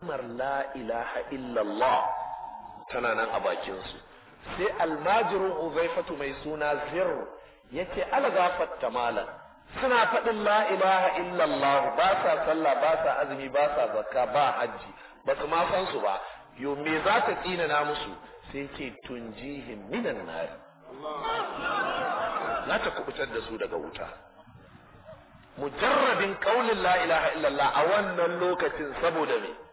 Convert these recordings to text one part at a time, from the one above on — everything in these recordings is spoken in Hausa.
kalmar la ilaha illallah tana nan a bakinsu sai almajirin uzaifatu mai suna zirru ya ce algafat tamala suna faɗin la ilaha illallah ba sa sallah ba sa azumi ba sa zakka ba hajji ba su ma san su ba yo me za ka tsinana musu sai ce tunjihim minan nari za ta kubutar da su daga wuta mujarrabin kaulin la ilaha illallah a wannan lokacin saboda me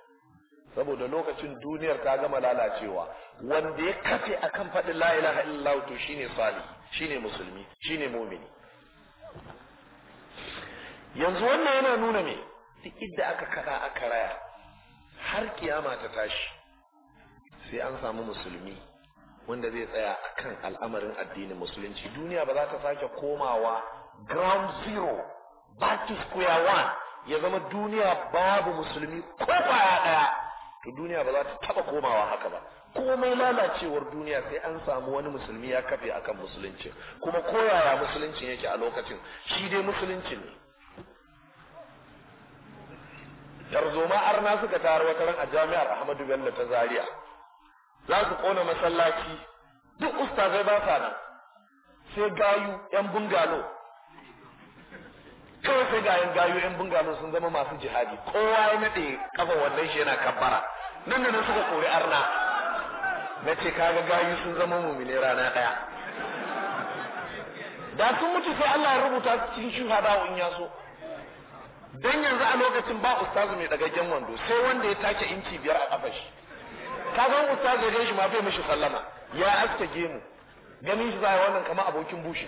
saboda lokacin duniyar ta gama lalacewa wanda ya kafe akan faɗin la ilaha illallah to shine salihi shine musulmi shine mumini yanzu wannan yana nuna me duk idda aka kada aka raya har kiyama ta tashi sai an samu musulmi wanda zai tsaya akan al'amarin addinin musulunci duniya ba za ta sake komawa ground zero back to square one ya zama duniya babu musulmi ko kwaya daya to duniya ba za ta taba komawa haka ba komai lalacewar duniya sai an samu wani musulmi ya kafe akan musulunci kuma koyaya musuluncin yake a lokacin shi dai musulunci ne tarzoma arna suka tayar wata ran a jami'ar Ahmadu Bello ta Zaria za su kona masallaci duk ustazai ba sa nan sai gayu yan bungalo kawai sai gayan gayu yan bungalo sun zama masu jihadi kowa ya nade kafa wannan shi yana kabbara nan da na suka kori arna na ce kaga gayu sun zama mumine rana daya da sun mutu sai Allah ya rubuta su cikin shuhada in ya so dan yanzu a lokacin ba ustazu mai dagaggen wando sai wanda ya take inci biyar a kafar shi kaga ustazu ya shi ma bai mishi sallama ya aske gemu ganin shi zai wannan kamar abokin bushi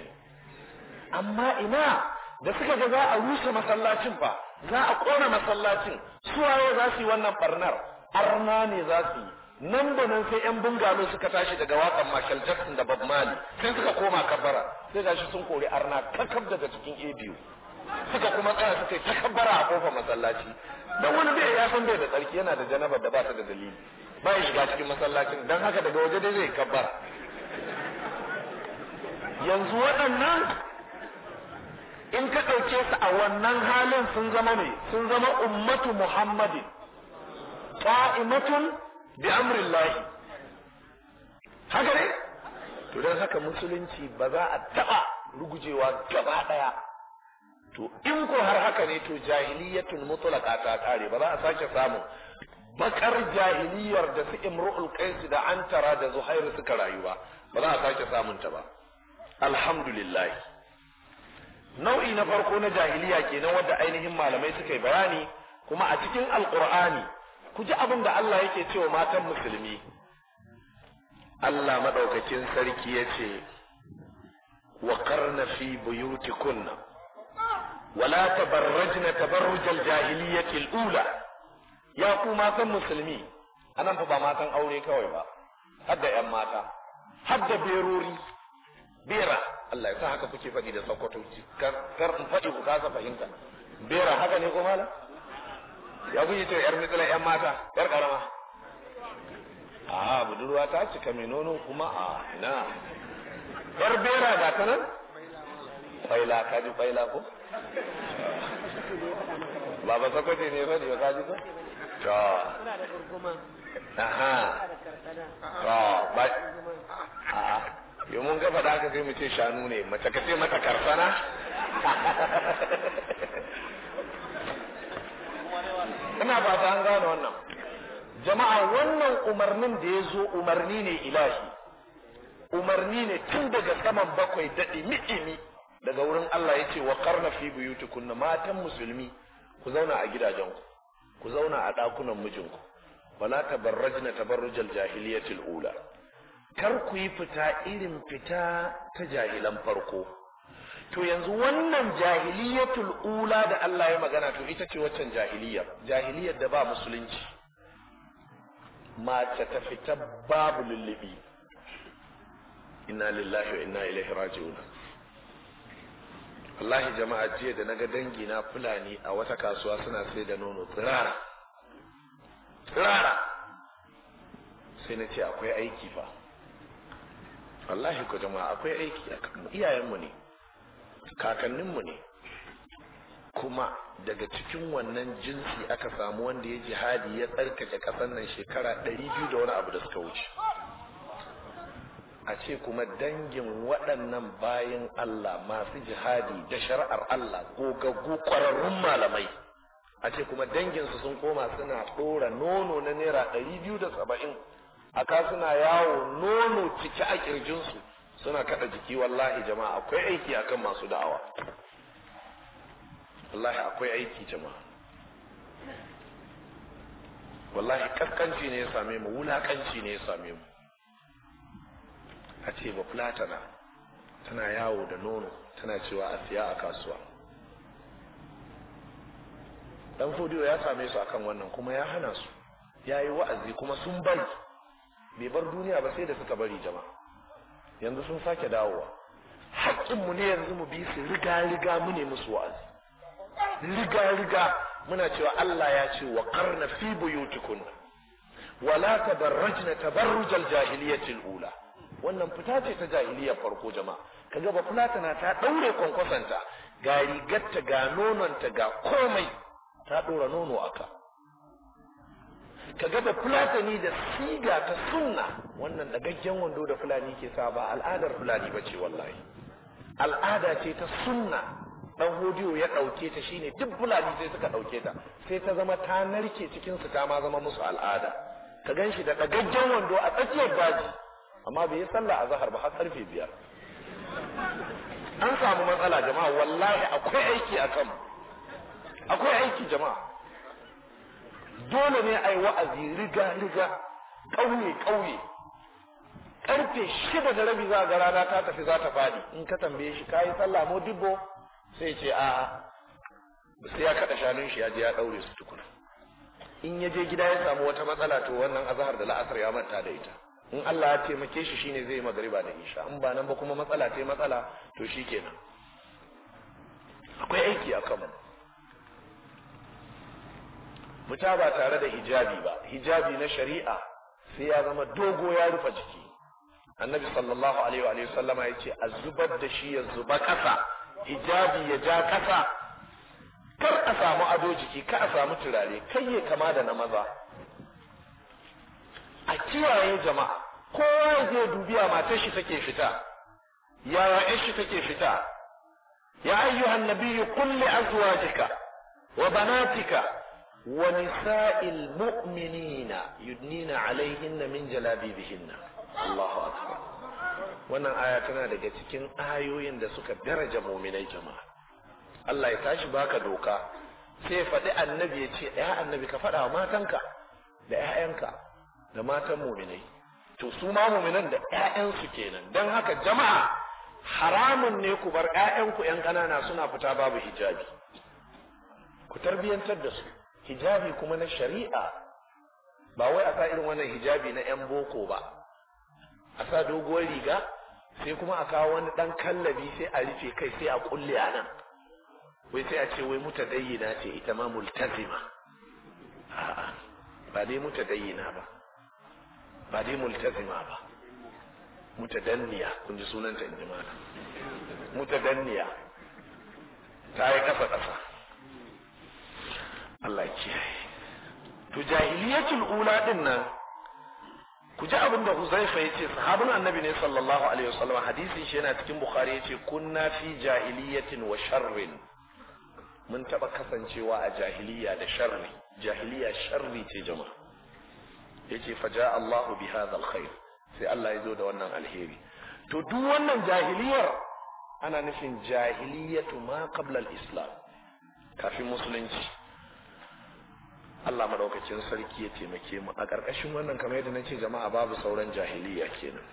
amma ina da suka ga za a rusa masallacin fa za a kona masallacin suwaye za su yi wannan barnar arna ne za su yi nan da nan sai yan bungalo suka tashi daga wakan Michael Jackson da Bob Marley sai suka koma kabara sai gashi sun kori arna kakab daga cikin ABU suka kuma tsaya suka yi takabbara a kofar masallaci Don wani bai ya san bai da tsarki yana da janabar da ba ta da dalili ba ya shiga cikin masallacin don haka daga waje dai zai kabbara yanzu waɗannan in ka ɗauke su a wannan halin sun zama ne sun zama ummatu muhammadin qa'imatun bi amrillah haka ne to dan haka musulunci ba za a taba rugujewa gaba daya to in ko har haka ne to jahiliyatun mutlaqa ta kare ba za a sake samu bakar jahiliyar da su imru'ul qais da antara da zuhairu suka rayu ba ba za a sake samun ta ba alhamdulillah nau'i na farko na jahiliya kenan wadda ainihin malamai suka yi bayani kuma a cikin alqur'ani ku ji abin da Allah yake cewa matan musulmi Allah maɗaukakin sarki ya ce wa karna fi buyutikunna wala tabarrajna tabarrujal jahiliyyatil ula ya ku matan musulmi anan fa ba matan aure kawai ba Hadda da yan mata Hadda berori bera Allah ya sa haka kuke faɗi da sokoto kar in faɗi ku kasa fahimta bera haka ne ko malam ya kuke to yar mitsila yan mata yar karama a budurwa ta cika mai nono kuma a na yar bera ga ta nan faila ka ji faila ko baba ba sakwace ne ba ne ka ji ko to aha to ba a yi mun ga da ka kai mu ce shanu ne mace ka ce mata karsana ina ba ta an gane wannan jama'a wannan umarnin da ya zo umarni ne ilahi umarni ne tun daga saman bakwai da imi daga wurin Allah ya ce wa karna fi buyutukunna matan musulmi ku zauna a gidajenku ku zauna a ɗakunan mijinku wala tabarrajna tabarrujal jahiliyatil ula kar ku yi fita irin fita ta jahilan farko to yanzu wannan jahiliyatul ula da Allah ya magana to ita ce waccan jahiliyar jahiliyar da ba musulunci mace ta fita babu lullubi inna lillahi wa inna ilaihi raji'un wallahi jama'a jiya da naga dangi na fulani a wata kasuwa suna sai da nono tsirara tsirara sai na ce akwai aiki fa wallahi ku jama'a akwai aiki iyayenmu ne kakanninmu ne kuma daga cikin wannan jinsi aka samu wanda ya jihadi ya tsarkake kasan nan shekara 200 da wani abu da suka wuce a ce kuma dangin waɗannan bayan Allah masu jihadi da shari'ar Allah gogaggu ƙwararrun malamai a ce kuma danginsu sun koma suna ɗora nono na naira ɗari biyu da saba'in a ka suna yawo nono cike a ƙirjinsu suna kada jiki wallahi jama'a akwai aiki akan masu da'awa wallahi akwai aiki jama'a wallahi kaskanci ne ya same mu wulakanci ne ya same mu a ce ba platana tana yawo da nono tana cewa a siya a kasuwa dan fodiyo ya same su akan wannan kuma ya hana su ya yi wa'azi kuma sun bari bai bar duniya ba sai da suka bari jama'a yanzu sun sake dawowa haƙƙinmu ne yanzu mu bi su riga riga mu ne musu wa'azi riga riga muna cewa Allah ya ce wa karna fi tukuna. wala tabarrajna tabarrujal jahiliyatil ula wannan fita ce ta jahiliya farko jama'a kaga ba tana ta daure kwankwasanta ga rigarta ga nononta ga komai ta ɗora nono aka kaga da fulatani da siga ta sunna wannan gaggen wando da fulani ke sa ba al'adar fulani bace wallahi al'ada ce ta sunna dan hodiyo ya ɗauke ta shine duk fulani sai suka ɗauke ta sai ta zama ta narke cikin su ta ma zama musu al'ada ka ganshi da gaggen wando a tsakiyar baji. amma bai yi sallah a zahar ba har karfe biyar an samu matsala jama'a wallahi akwai aiki a akwai aiki jama'a dole ne a yi wa'azi riga riga ƙauye ƙauye Ƙarfe shida da rabi za ga rana ta tafi za ta fadi in ka tambaye shi yi sallah mo dubbo? sai ce a'a sai ya kada shanun shi ya je ya daure su tukuna in ya je gida ya samu wata matsala to wannan azahar da la'asar ya manta da ita in Allah ya taimake shi shine zai magriba da isha in ba nan ba kuma matsala ta matsala to shi kenan. akwai aiki a kanmu Muta ba tare da hijabi ba hijabi na shari'a sai ya zama dogo ya rufe jiki annabi sallallahu alaihi wa sallama ya ce a zubar da shi ya zuba kasa hijabi ya ja kasa kar a samu ado jiki kar a samu turare kai ya kama da na maza a kiyaye jama'a kowa zai dubiya matar shi take fita yaya shi take fita ya ayyuhan nabiyyu kulli azwajika wa banatika ونساء المؤمنين يدنين عليهن من جلابيبهن Allahu akbar wannan aya tana daga cikin ayoyin da suka daraja muminai jama'a Allah ya tashi baka doka sai faɗi annabi ya ce ya annabi ka faɗa wa matanka da ƴaƴanka da matan muminai to su ma muminan da ƴaƴansu kenan don haka jama'a haramun ne ku bar ƴaƴanku ƴan ƙanana suna fita babu hijabi ku tarbiyantar da su hijabi kuma na shari'a ba wai a sa irin wannan hijabi na yan boko ba a sa doguwar riga sai kuma a kawo wani dan kallabi sai a rufe kai sai a kulle a nan wai sai a ce wai mutadayyina ce ita ma multazima a'a ba dai mutadayyina ba ba dai multazima ba mutadanniya kun ji sunanta in ji mana mutadanniya ta yi kafa kafa Allah ya kiyaye to jahiliyatul ula din nan ku ji abin da Huzaifa yace sahabin Annabi ne sallallahu alaihi wasallam hadisin shi yana cikin Bukhari yace kunna fi jahiliyatin wa sharrin mun taba kasancewa a jahiliya da sharri jahiliya sharri ce jama'a yace faja Allahu bi hadha alkhair sai Allah ya zo da wannan alheri to duk wannan jahiliyar ana nufin jahiliyatu ma qabla islam kafin musulunci Allah madaukakin sarki ya taimake mu a ƙarƙashin wannan kamar yadda nace jama'a babu sauran jahiliya kenan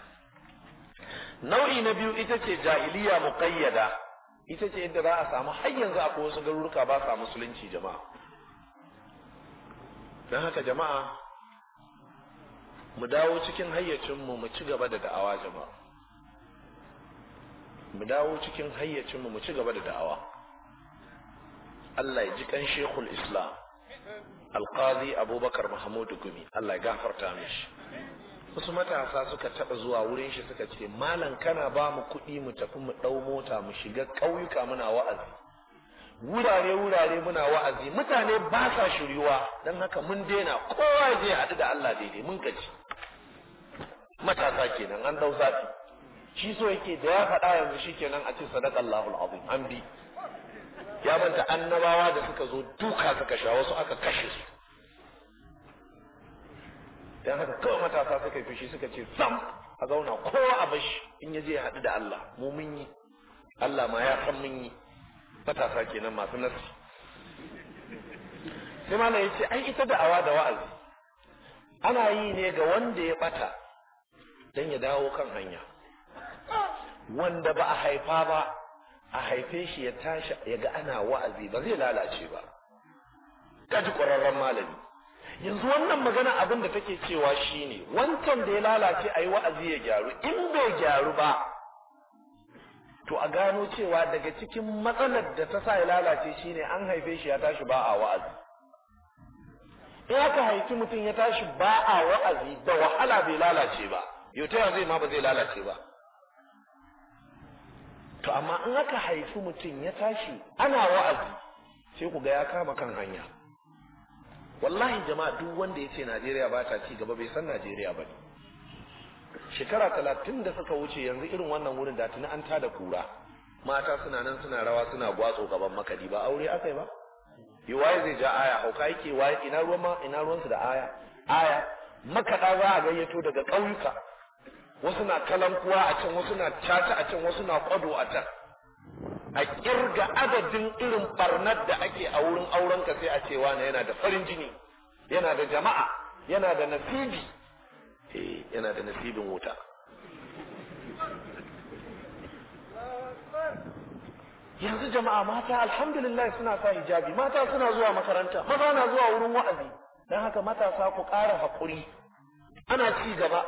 nau'i na biyu ita ce jahiliya muqayyada ita ce inda za a samu har yanzu a wasu garuruka ba sa musulunci jama'a dan haka jama'a mu dawo cikin hayyacinmu mu ci gaba da da'awa jama'a mu dawo cikin hayyacinmu mu ci gaba da da'awa Allah ya ji kan shekul islam alqazi abubakar mahmud gumi Allah ya gafarta shi. wasu matasa suka taɓa zuwa wurin shi suka ce malam kana ba mu kuɗi mu tafi mu ɗau mota mu shiga ƙauyuka muna wa'azi wurare wurare muna wa'azi mutane ba sa shiryuwa don haka mun daina kowa haɗu da Allah daidai mun gaji matasa kenan an dau zafi shi so yake da ya faɗa yanzu shi kenan a ce sadaqallahu alazim an bi ya manta annabawa da suka zo duka suka sha wasu aka kashe su dan haka kawai matasa suka yi fushi suka ce sam a zauna kowa a bashi in ya je ya haɗu da Allah mu mun yi Allah ma ya san mun yi matasa kenan masu nasi sai malam ya ce ai ita da awa da wa'azi ana yi ne ga wanda ya bata dan ya dawo kan hanya wanda ba a haifa ba a haife shi ya tashi ya ga ana wa'azi ba zai lalace ba ji ƙwararren malami yanzu wannan magana abin da take cewa shine wancan da ya lalace a yi wa'azi ya gyaru in bai gyaru ba to a gano cewa daga cikin matsalar da ta sa ya lalace shine an haife shi ya tashi ba a wa'azi in aka haifi mutum ya tashi ba a wa'azi da wahala bai lalace ba yau ta yanzu ma ba zai lalace ba to amma in aka haifi mutum ya tashi ana wa'azi sai ku ga ya kama kan hanya wallahi jama'a duk wanda ya ce Najeriya ba ta ci gaba bai san Najeriya ba ne shekara talatin da suka wuce yanzu irin wannan wurin da tuni an tada kura mata suna nan suna rawa suna gwatso gaban makadi ba aure aka yi ba yi waye zai ja aya hauka yake waye ina ruwan ma ina ruwansu da aya aya makada za a gayyato daga ƙauyuka wasu na kalankuwa a can wasu na caca a can wasu na kwado a can a kirga adadin irin barnar da ake a wurin aurenka sai a ce na yana da farin jini yana da jama'a yana da nasibi eh yana da nasibin wuta yanzu jama'a mata alhamdulillah suna sa hijabi mata suna zuwa makaranta maza na zuwa wurin wa'azi dan haka matasa ku ƙara haƙuri ana ci gaba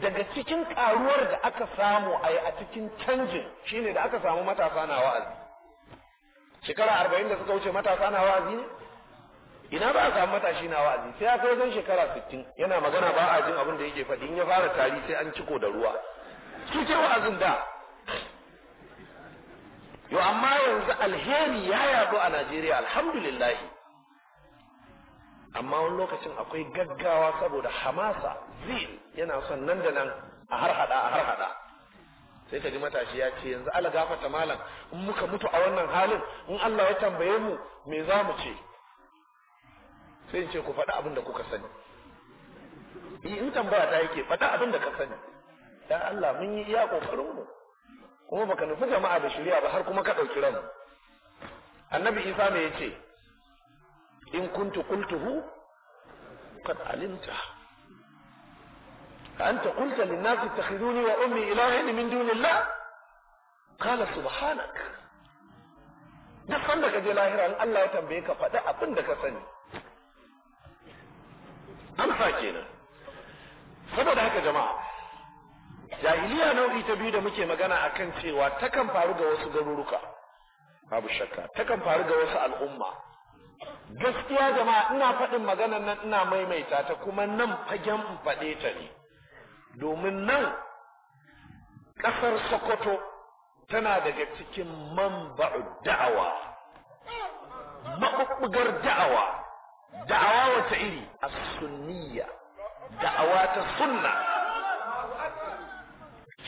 daga cikin karuwar da aka samu a yi a cikin canjin shine da aka samu matasa na wa'azi shekara arba'in da suka wuce matasa na wa'azi ne ina ba a samu matashi na wa'azi sai aka zan shekara sittin yana magana ba a jin abin da yake faɗi in ya fara tari sai an ciko da ruwa su ce wa'azin da yo amma yanzu alheri ya yaɗu a najeriya alhamdulillah amma wani lokacin akwai gaggawa saboda hamasa zil yana son nan da nan a hada a hada. sai ka ji matashi ya ce yanzu ala gafata malam in muka mutu a wannan halin in Allah ya tambaye mu me za mu ce sai in ce ku faɗi abin da kuka sani in tambaya ta yake faɗi abin da ka sani dan Allah mun yi iya kokarin mu kuma baka nufi jama'a da shari'a ba har kuma ka ɗauki ran. annabi Isa me yace ce إن كنت قلته قد علمته أنت قلت للناس اتخذوني وأمي إلهين من دون الله قال سبحانك نفهمك جي لاهرا أن الله يتنبيك فدا أبندك سني أم فاكينا سبب هكا جماعة جاهلية نوعي تبيد مكي مغانا أكن سيوا فارغة وسجروركا أبو الشكا تكم فارغة وسو الأمة gaskiya jama'a ina faɗin maganar nan ina maimaita ta kuma nan fagen in faɗe ta ne domin nan ƙasar sokoto tana daga cikin manba'u da'awa maɓuɓɓugar da'awa da'awa wata iri a sunniya da'awa ta sunna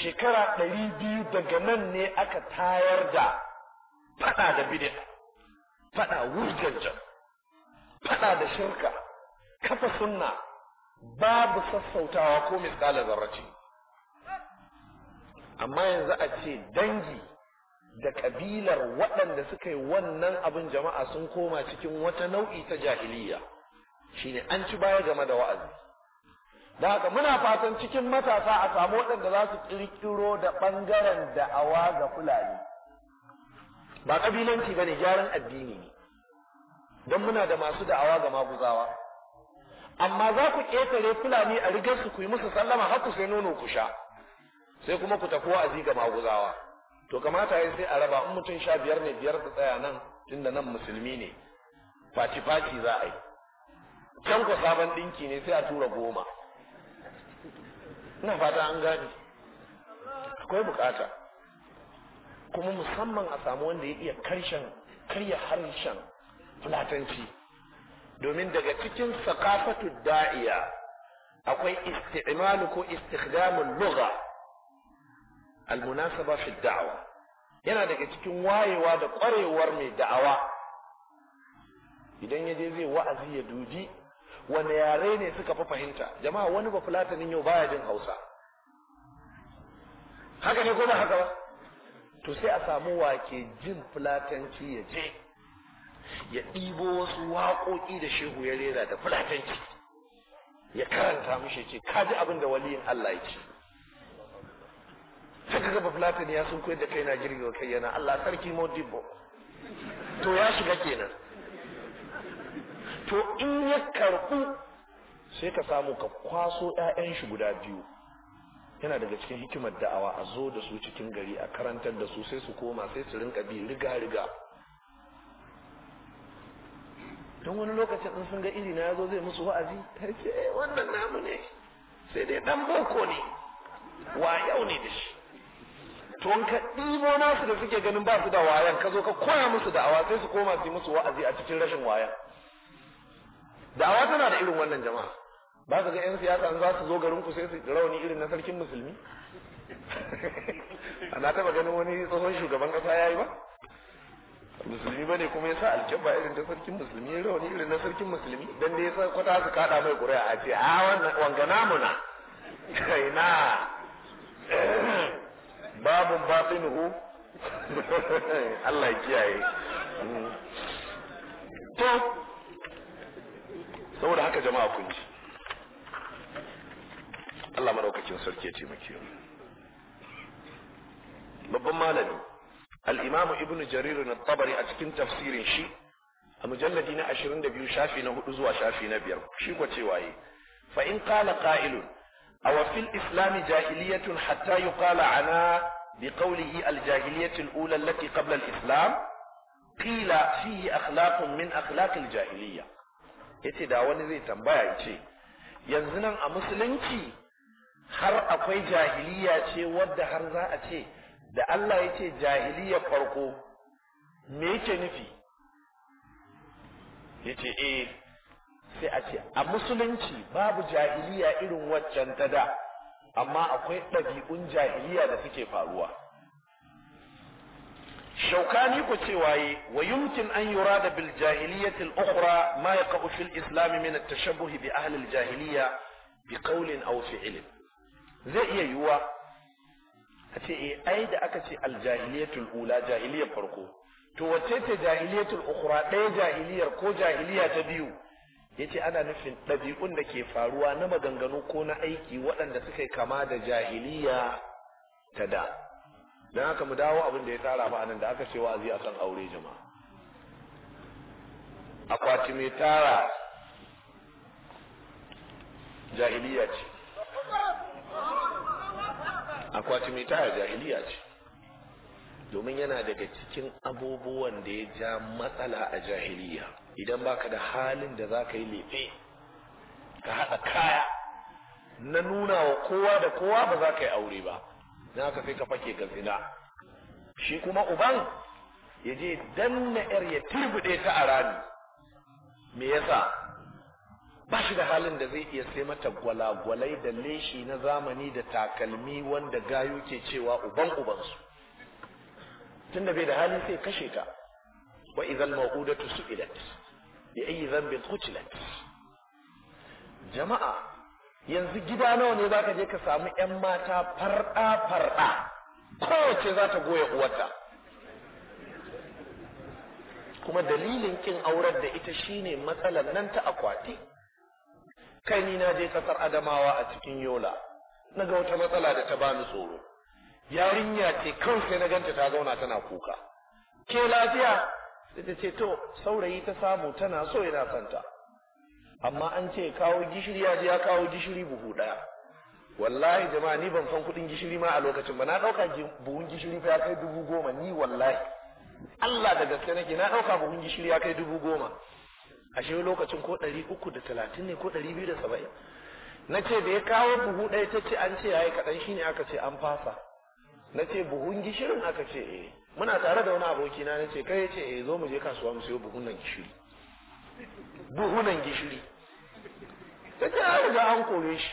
shekara ɗari biyu daga nan ne aka tayar da faɗa da bid'a fada wurjanjan faɗa da shirka kafa sunna babu sassautawa ko misqala zarrati amma yanzu a ce dangi da ƙabilar waɗanda suka yi wannan abin jama'a sun koma cikin wata nau'i ta jahiliya shine an ci baya game da wa'azi da haka muna fatan cikin matasa a samu waɗanda za su ƙirƙiro da ɓangaren da'awa ga fulani ba kabilanci ne gyaran addini ne don muna da masu da'awa ga maguzawa amma za ku ƙetare fulani a rigar su ku yi musu sallama har ku sai nono ku sha sai kuma ku tafi wa'azi ga maguzawa to kamata ya sai a raba in mutum sha biyar ne biyar su tsaya nan tunda nan musulmi ne faci faci za a yi can ku sabon ɗinki ne sai a tura goma ina fata an gane akwai bukata kuma musamman a samu wanda ya iya karshen karya harshen fulatanci domin daga cikin sakafatu da'iya akwai isti'malu ko istikhdamul lugha almunasaba fi da'awa. yana daga cikin wayewa da kwarewar mai da'awa idan ya je zai wa'azi ya dubi wani yare ne suka fi fahimta jama'a wani ba fulatanin yau baya jin hausa haka ne ko ba haka ba to sai a samu wake jin fulatanci ya je ya ɗibo wasu waƙoƙi da shehu ya rera da fulatanci ya karanta mishi ce kaji abin da waliyin Allah ya ce sai kaga fulatani ya sun koyar da kai na girgiwa kai yana Allah sarki modibo to ya shiga kenan to in ya karɓu sai ka samu ka kwaso 'ya'yan shi guda biyu yana daga cikin hikimar da'awa a zo da su cikin gari a karantar da su sai su koma sai su rinka bi riga riga don wani lokacin in sun ga iri na yazo zai musu wa'azi sai ce eh wannan namu ne sai dai dan boko ne yau ne da shi to in ka ɗibo nasu da suke ganin ba su da wayan ka zo ka koya musu da'awa sai su koma su yi musu wa'azi a cikin rashin wayan da'awa tana da irin wannan jama'a ba ka ga 'yan siyasa za su zo garin ku sai su rauni irin na sarkin musulmi ana taba ganin wani tsohon shugaban kasa yi ba musulmi ba ne kuma ya sa alkibba irin ta sarkin musulmi ya rauni irin na sarkin musulmi dan da sa kwata su kada mai ƙuri'a a ce a ah, wannan wangana muna kaina babin hu Allah ya kiyaye mm. to saboda haka jama'a kun Allah madaukakin sarki ya taimake mu babban malami al-imamu ibnu jarir at-tabari a cikin tafsirin shi a mujalladi na 22 shafi na 4 zuwa shafi na 5 shi ko cewa yi fa in kala qa'ilun a fil islami jahiliyatun hatta yuqala ana بقوله الجاهلية الأولى التي islam? الإسلام قيل فيه أخلاق min أخلاق jahiliya. yace da wani zai tambaya yace yanzu nan a musulunci har akwai jahiliya ce wadda har za a ce da Allah ya ce jahiliya farko me yake nufi ya ce eh sai a ce a musulunci babu jahiliya irin waccan ta da amma akwai ɗabi'un jahiliya da suke faruwa shaukani ku ce waye wa yumkin an yura da bil al ukhra ma yaqa'u fil islam min at-tashabbuh bi ahli al-jahiliya bi qawlin aw fi'lin zai iya yiwuwa A ce eh ai da aka ce aljahiliyatul ula jahiliyar farko to wacce ce jahiliyatul ukhra ɗaya jahiliyar ko jahiliya ta biyu yace ana nufin ɗabi'un da ke faruwa na maganganu ko na aiki waɗanda suka kama da jahiliya ta da don haka mu dawo abin da ya tsara ba nan da aka ce a akan aure jama'a akwati mai tara jahiliya ce akwati mai taya jahiliya ce domin yana daga cikin abubuwan da ya ja matsala a jahiliya idan baka da halin da za ka yi lefe ka haɗa kaya na nuna wa kowa da kowa ba za ka yi aure ba na ka sai ka fake ga zina shi kuma uban ya je danna yar ya turbide ta a rami me yasa ba shi da halin da zai iya sai mata gwalagwalai da leshi na zamani da takalmi wanda gayu ke cewa uban ubansu tun da bai da hali sai kashe ta wa idan ma'udatu su'ilat bi ayi dhanbin qutilat jama'a yanzu gida nawa ne zaka je ka samu yan mata farɗa farɗa kowace za ta goya uwarta kuma dalilin kin aurar da ita shine matsalar nan ta akwati kai ni na je kasar adamawa a cikin yola na ga wata matsala da ta bani tsoro yarinya ce kawai sai na ganta ta zauna tana kuka ke lafiya sai ta ce to saurayi ta samu tana so yana santa amma an ce kawo gishiri ya je ya kawo gishiri buhu daya wallahi jama'a ni ban san kuɗin gishiri ma a lokacin ba na dauka buhun gishiri fa ya kai dubu goma ni wallahi Allah da gaske nake na ɗauka buhun gishiri ya kai dubu goma ashe lokacin ko ɗari uku da talatin ne ko ɗari biyu da saba'in na ce da ya kawo buhu ɗaya ta ce an ce yayi kaɗan shi ne aka ce an fasa na ce buhun gishirin aka ce eh muna tare da wani aboki na ce kai ya ce eh zo mu je kasuwa mu siyo buhunan gishiri buhunan gishiri ta ce an riga an kore shi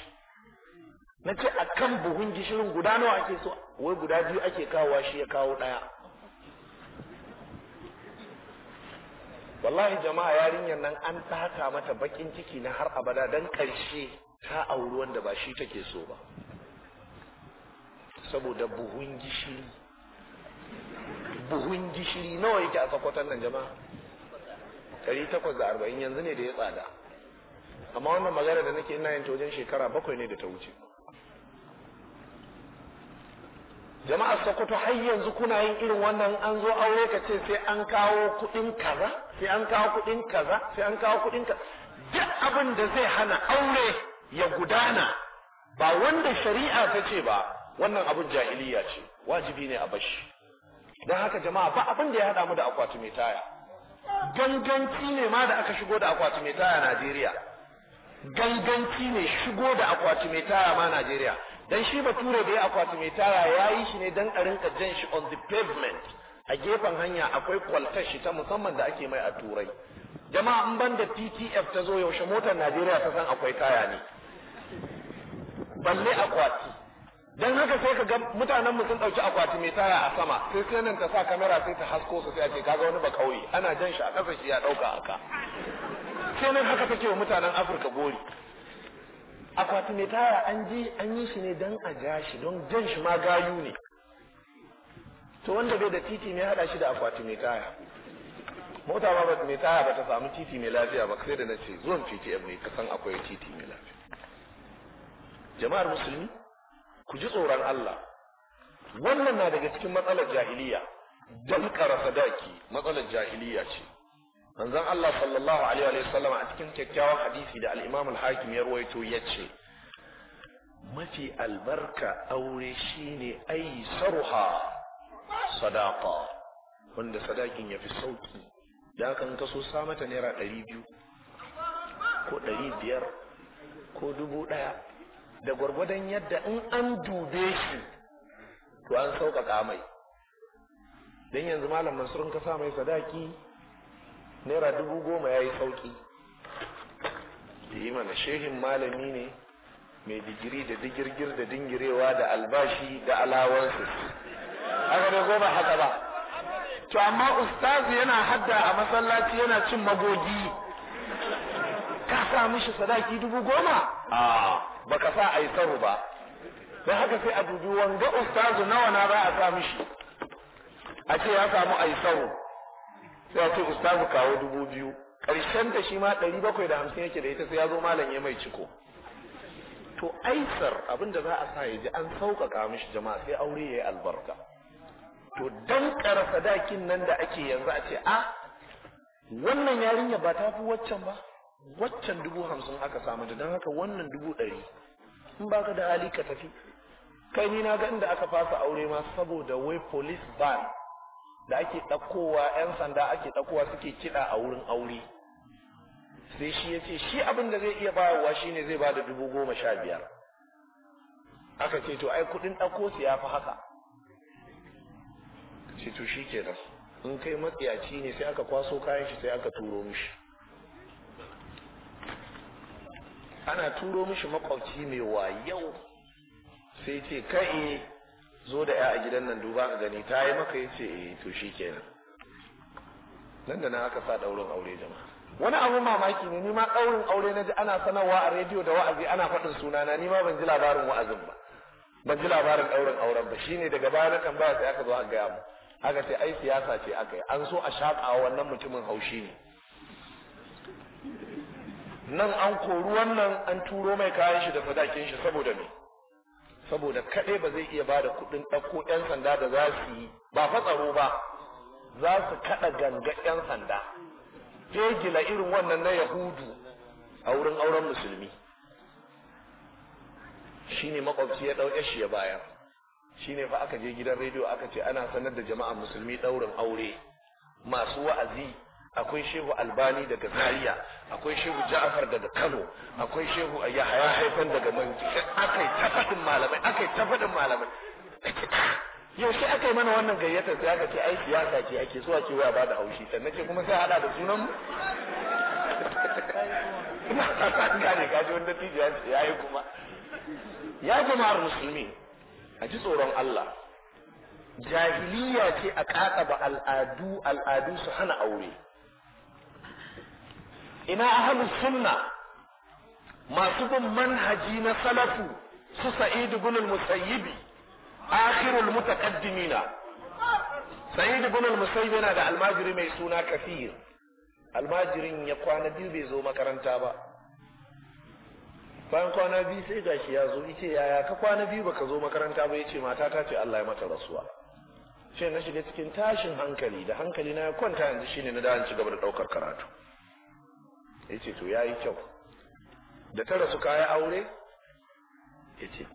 na ce a kan buhun gishirin guda nawa ake so wai guda biyu ake kawowa shi ya kawo ɗaya wallahi jama'a yarinyar nan an taka mata bakin ciki na har abada dan karshe ta auri wanda ba shi take so ba saboda buhun gishiri buhun gishiri nawa yake a sakwatan nan jama'a ɗari da arba'in yanzu ne da ya tsada amma wannan magana da nake ina yin wajen shekara bakwai ne da ta wuce jama'ar sokoto har yanzu kuna yin irin wannan an zo aure ka ce sai an kawo kuɗin kaza sai an kawo kuɗin kaza sai an kawo kuɗin kaza duk abin da zai hana aure ya gudana ba wanda shari'a ta ce ba wannan abin jahiliya ce wajibi ne a bashi don haka jama'a ba abin da ya haɗa mu da akwati mai taya ganganci ne ma da aka shigo da akwati mai taya Najeriya ganganci ne shigo da akwati mai taya ma Najeriya dan shi bature da ya akwati mai tara ya yi shi ne dan a rinka jan shi on the pavement a gefen hanya akwai kwaltar shi ta musamman da ake mai a turai jama'a an ban da ta zo yaushe motar najeriya ta san akwai kaya ne balle akwati dan haka sai ka ga mutanen mu sun dauki akwati mai taya a sama sai sanin ta sa kamera sai ta hasko su sai a kaga wani ba kauye ana jan shi a kasa shi ya dauka haka sai nan haka take wa mutanen afirka gori akwati mai taya an ji an yi shi ne don a ja shi don jan shi ma gayu ne to wanda bai da titi mai hada shi da akwati mai taya mota ba mai taya ba ta samu titi mai lafiya ba sai da na ce zuwan titi ne ka san akwai titi mai lafiya jama'ar musulmi ku ji tsoron Allah wannan na daga cikin matsalar jahiliya dan karasa sadaki matsalar jahiliya ce manzon Allah sallallahu alaihi wa sallam a cikin kyakkyawan hadisi da al-Imam al-Hakim ya rawaito yace mafi albarka aure shine ai sadaka. sadaqa wanda sadakin yafi sauki da kan kaso sa mata naira 200 ko 500 ko 1000 da gwargwadon yadda in an dube shi to an sauƙaƙa mai dan yanzu malam Mansur ka sa mai sadaki naira dubu goma ya yi sauki da yi mana shehin malami ne mai digiri da digirgir da dingirewa da albashi da alawarsu haka ne goma haka ba to amma ustazu yana hadda a masallaci yana cin magogi ka sa mishi sadaki dubu goma a baka sa a yi ba don haka sai a dubi wanga ustazu nawa na za a sa mishi a ce ya samu a yi sai ya ce ustazu kawo dubu biyu ƙarshen da shi ma ɗari bakwai da hamsin yake da ita sai ya zo malam ya mai ciko to aisar abin da za a sa ya ji an sauƙaƙa mishi jama'a sai aure ya yi albarka to dan ƙara sadakin nan da ake yanzu a ce a ah, wannan yarinya ba ta fi waccan ba waccan dubu hamsin aka samu da don haka wannan dubu ɗari in baka da hali ka tafi kai ni na ga inda aka fasa aure ma saboda wai police ban da ake ɗaukowa 'yan sanda ake ɗaukowa suke kiɗa a wurin aure sai shi ya ce shi abin da zai iya bayarwa ne zai ba da dubu goma sha biyar aka ce to ai kuɗin ɗauko su ya fi haka ce to shi ke in kai matsiyaci ne sai aka kwaso kayan shi sai aka turo mishi ana turo mishi makwabci mai wayau sai ce kai eh, zo da ya a gidan nan duba ka gani ta yi maka ya ce eh to shi kenan nan da nan aka sa ɗaurin aure jama'a wani abin mamaki ne ni ma ɗaurin aure na ji ana sanarwa a rediyo da wa'azi ana faɗin sunana ni ma ban ji labarin wa'azin ba ban ji labarin ɗaurin auren ba shine daga baya na kan ba sai aka zo a gaya mu aka ce ai siyasa ce aka yi an so a shaƙa wannan mutumin haushi ne nan an kori wannan an turo mai kayan shi da sadakin shi saboda me saboda kaɗai ba zai iya ba da kuɗin ɗauko 'yan sanda da za su yi ba fatsaro ba za su kaɗa ganga 'yan sanda gegila irin wannan na yahudu a wurin auren musulmi shi ne makwabci ya ɗauke shi ya bayar shi ne fa aka je gidan rediyo aka ce ana sanar da jama'an musulmi ɗaurin aure masu wa'azi akwai shehu albani daga zaria akwai shehu ja'afar daga kano akwai shehu yahaya haifan daga mai akai tafadin malamai akai tafadin malamai yau sai aka yi mana wannan gayyatar sai aka ce ai siyasa ce ake zuwa ce waya bada haushi sannan ce kuma sai hada da sunan mu ina ka gane ka ji wanda tiji ya yi kuma ya jama'ar musulmi a ji tsoron Allah jahiliya ce a ba al'adu al'adu su hana aure ina ahlus sunna masu bin manhaji na salafu su sa'id ibn al akhir al mutaqaddimina sa'id ibn al-musayyib yana da almajiri mai suna kafir almajirin ya kwana biyu bai zo makaranta ba bayan kwana biyu sai gashi ya zo yace yaya ka kwana biyu baka zo makaranta ba yace mata ta ce Allah ya mata rasuwa Sai na shiga cikin tashin hankali da hankali na ya kwanta yanzu shine na da an ci gaba da daukar karatu ya ce to ya yi kyau da ta rasu kaya aure ya ce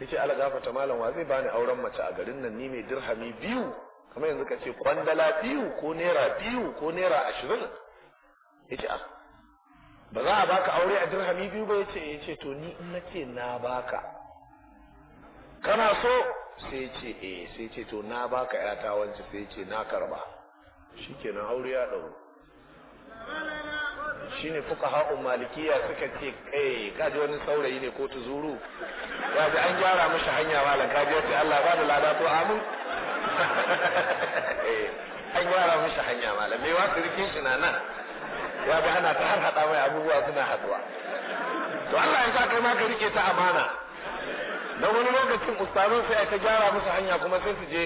ya ce ala gafata malam wa zai bani auren mace a garin nan ni mai dirhami biyu kamar yanzu ka ce kwandala biyu ko naira biyu ko naira ashirin ya ce ah, ba za a baka aure a dirhami biyu ba ya ce ya ce to ni in na ce na baka kana so sai ce eh sai ce to na baka yata wance sai ce na karba shikenan aure ya ɗau. ne fuka ha'un malikiya suka ce kai eh, kaji wani saurayi ne ko tuzuru kaji an gyara mashi hanya malam kaji yace Allah ba da lada to amin eh, an gyara mashi hanya malam me wasu rikin shi na nan ya bi ana ta har hada mai abubuwa suna haduwa to Allah ya sa kai ma ka rike ta amana dan wani lokacin ustazan sai aka gyara musu hanya kuma sai su je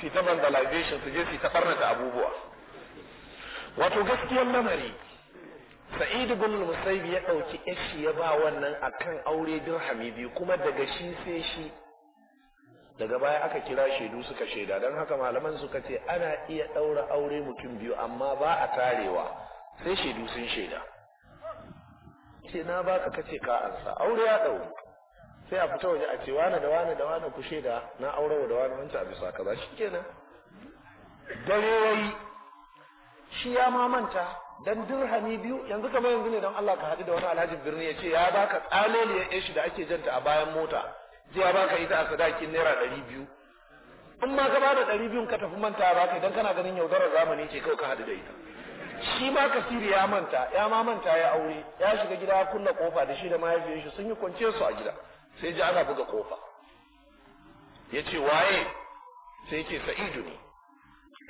su ta vandalization su je su ta barnata abubuwa wato gaskiyar lamari Sa'idu bin musaib ya ɗauki ishi ya ba wannan akan aure dirhami biyu kuma daga shi sai shi daga baya aka kira shaidu suka shaida don haka malaman suka ce ana iya ɗaura aure mutum biyu amma ba a tarewa sai shaidu sun shaida ce na ba ka kace ka ansa aure ya ɗau. sai a fita waje a ce wane da wane da wane ku shaida na aure da wane wancan a bisa shi kenan. dare wai shi ya ma manta dan dirhami biyu yanzu kamar yanzu ne don Allah ka haɗu da wani alhaji birni ya ce ya baka tsaleliyar ya shi da ake janta a bayan mota je ya baka ita a sadakin naira ɗari biyu in ma ka ba da ɗari biyun ka tafi manta ba kai dan kana ganin yaudarar zamani ce kawai ka haɗu da ita shi ma kasiri ya manta ya ma manta ya aure ya shiga gida ya kofa da shi da mahaifiyar shi sun yi kwance su a gida sai ji ana buga kofa ya ce waye sai ce sa'idu ne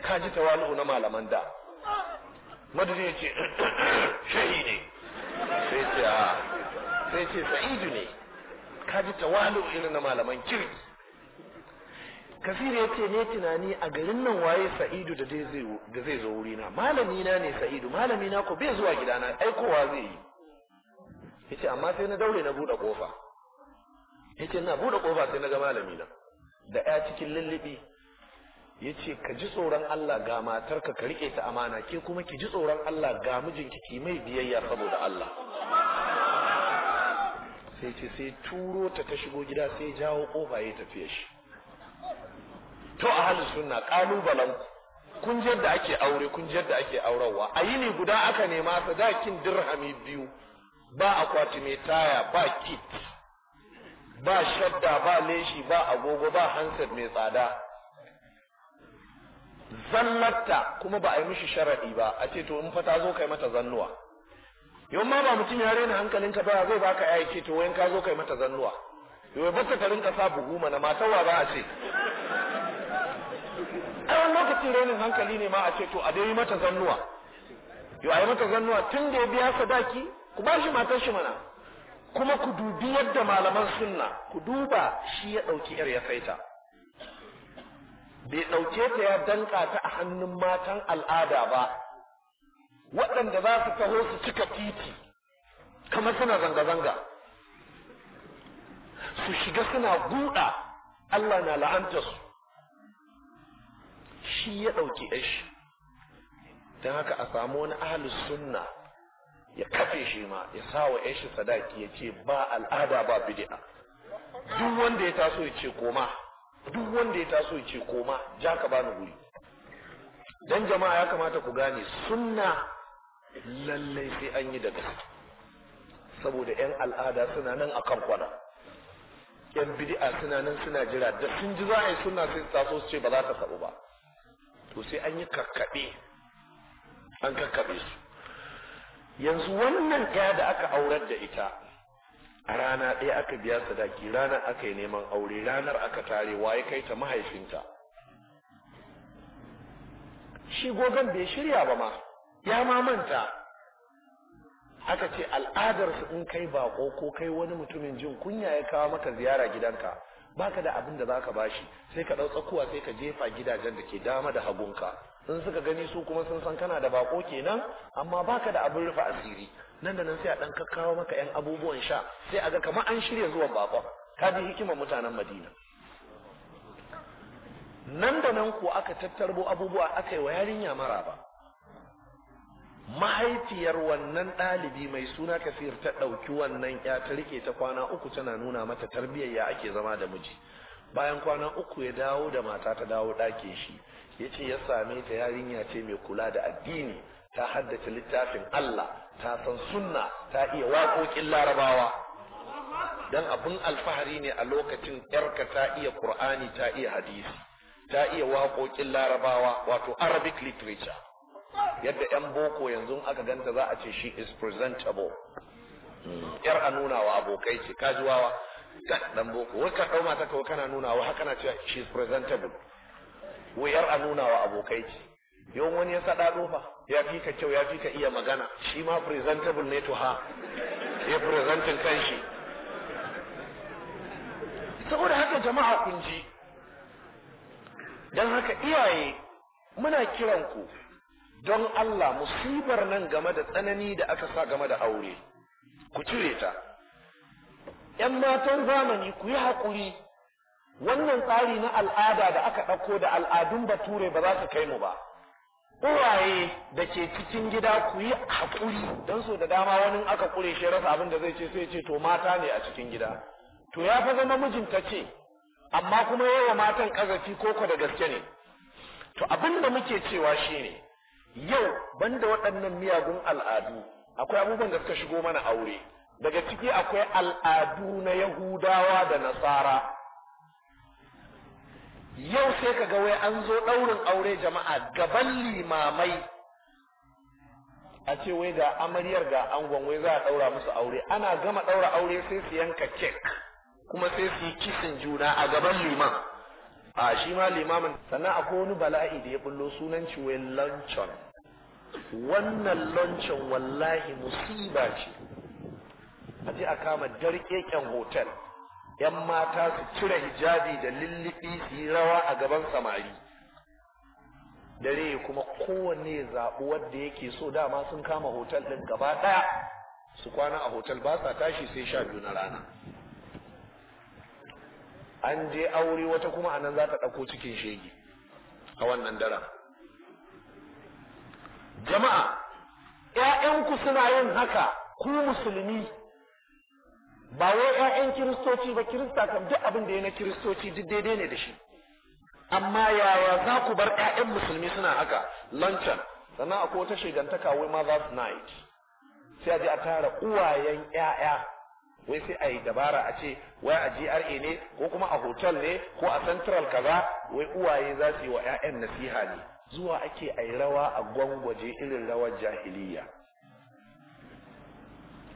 ka ji tawali'u na malaman da madadin ya ce shahi ne sai ce a sai ce sa'idu ne ka ji tawalu irin na malaman kirki kafir ya ce ne tunani a garin nan waye sa'idu da zai zo wurina malami na ne sa'idu malami na ko bai zuwa gidana aikowa zai yi yace amma sai na daure na buɗe kofa yace ina buɗe kofa sai na ga malami na da ya cikin lullubi ya ce ka ji tsoron Allah ga matarka ka riƙe ta amana ke kuma ki ji tsoron Allah ga mijinki ki mai biyayya saboda Allah sai ce sai turo ta ta shigo gida sai jawo kofa ya tafiya shi to a halin sunna kalubalen kun je da ake aure kun je da ake aurarwa a yini guda aka nema sadakin dirhami biyu ba akwati mai taya ba kit ba shadda ba leshi ba agogo ba handset mai tsada zannarta kuma ba a yi mishi sharaɗi ba a ce to in fa ta zo kai mata zannuwa yau ma ba mutum ya rena hankalinka ba zai baka ya ce to wayan ka zo kai mata zannuwa yau ba ta rinka sa buhu mana matawa ba a ce a lokacin renin hankali ne ma a ce to a dai mata zannuwa yau a yi mata zannuwa tun da ya biya sadaki ku ba shi matar shi mana kuma ku dubi yadda malaman sunna ku duba shi ya ɗauki yar ya saita bai ɗauke ta ya danka ta a hannun matan al'ada ba waɗanda za su taho su cika titi kamar suna zanga-zanga su shiga suna buɗa, Allah na la'anta su shi ya ɗauki shi don haka a samu wani ahalus sunna ya kafe shi ma ya sa wa shi sadaki ya ce ba al'ada ba bid'a duk wanda ya taso ya ce koma duk wanda ya taso ya ce koma ja ka bani guri dan jama'a ya kamata ku gane sunna lallai sai an yi da gaske saboda yan al'ada suna nan a kan kwana yan bid'a suna nan suna jira da sun ji za a yi sunna sai taso su ce ba za ta sabu ba to sai an yi kakkaɓe an kakkaɓe su yanzu wannan ɗaya da aka aurar da ita a rana ɗaya aka biya sadaki ranar aka yi neman aure ranar aka tare ya kai ta mahaifinta shi gogon bai shirya ba ma ya ma manta aka ce al'adarsu in kai bako ko kai wani mutumin jin kunya ya kawo maka ziyara gidanka baka da abin da za ka bashi sai ka ɗau tsakuwa sai ka jefa gidajen da ke dama da hagunka in suka gani su kuma sun san kana da bako kenan amma baka da abin rufe asiri nan da nan sai a dan kakkawa maka yan abubuwan sha sai a ga kamar an shirya zuwa bako ka ji hikimar mutanen madina nan da nan ko aka tattarbo abubuwa aka yi wa yarinya mara ba mahaifiyar wannan ɗalibi mai suna kafir ta ɗauki wannan ya ta rike ta kwana uku tana nuna mata tarbiyyar ya ake zama da miji bayan kwana uku ya dawo da mata ta dawo ɗakin shi ya ce ya same ta yarinya ce mai kula da addini ta haddace littafin Allah ta san sunna ta iya waƙoƙin larabawa dan abin alfahari ne a lokacin yarka ta iya Qur'ani ta iya hadisi ta iya waƙoƙin larabawa wato Arabic literature yadda yan boko yanzu aka ganta za a ce she is presentable yar hmm, a nuna wa abokai ce kajuwawa dan boko wai ka dau mata kana nuna wa haka na ce she is presentable wuyar a nuna wa abokai ce yawan wani ya saɗa ɗofa ya fi ka kyau ya fi ka iya magana shi ma presentable ne to ha ya presentin kanshi saboda haka jama'a kun ji don haka iyaye muna kiran ku don Allah musibar nan game da tsanani da aka sa game da aure ku cire ta ‘yan matan zamani ku yi haƙuri wannan tsari na al'ada da aka ɗauko da al'adun bature ba za su kai mu ba ƙuraye da ke cikin gida ku yi haƙuri don so da dama wani aka ƙure shi rasa abin da zai ce sai ce to mata ne a cikin gida to ya fa zama mijinta ce amma kuma wa matan ƙazafi ko koko da gaske ne to abin da muke cewa shi ne yau banda waɗannan miyagun al'adu akwai abubuwan da suka shigo mana aure daga ciki akwai al'adu na yahudawa da nasara yau sai ka ga wai an zo ɗaurin aure jama'a gaban limamai a ce wai ga amaryar ga angon wai za a ɗaura musu aure ana gama ɗaura aure sai su yanka kek kuma sai su yi kisin juna a gaban liman a shi ma limamin sannan akwai wani bala'i da ya bullo sunan ci wai luncheon wannan luncheon wallahi musiba ce a je a kama darƙeƙen hotel yan mata su cire hijabi da lullubi su yi rawa a gaban samari dare kuma kowanne zaɓi wadda yake so dama sun kama hotel ɗin gaba ɗaya su kwana a hotel ba sa tashi sai sha biyu na rana an je aure wata kuma anan za ta ɗauko cikin shege a wannan daren jama'a ‘ya'yanku suna yin haka ku musulmi ba wai 'ya'yan kiristoci ba kirista kam duk abin da ya na kiristoci duk daidai ne da shi amma yaya za ku bar 'ya'yan musulmi suna haka lancan sannan akwai wata shegantaka wai mother's night sai a je a tara uwayen 'ya'ya. wai sai a yi dabara a ce wai a GRA ne ko kuma a hotel ne ko a central kaza wai uwaye za su yi wa 'ya'yan nasiha ne zuwa ake a yi rawa a gwangwaje irin rawar jahiliya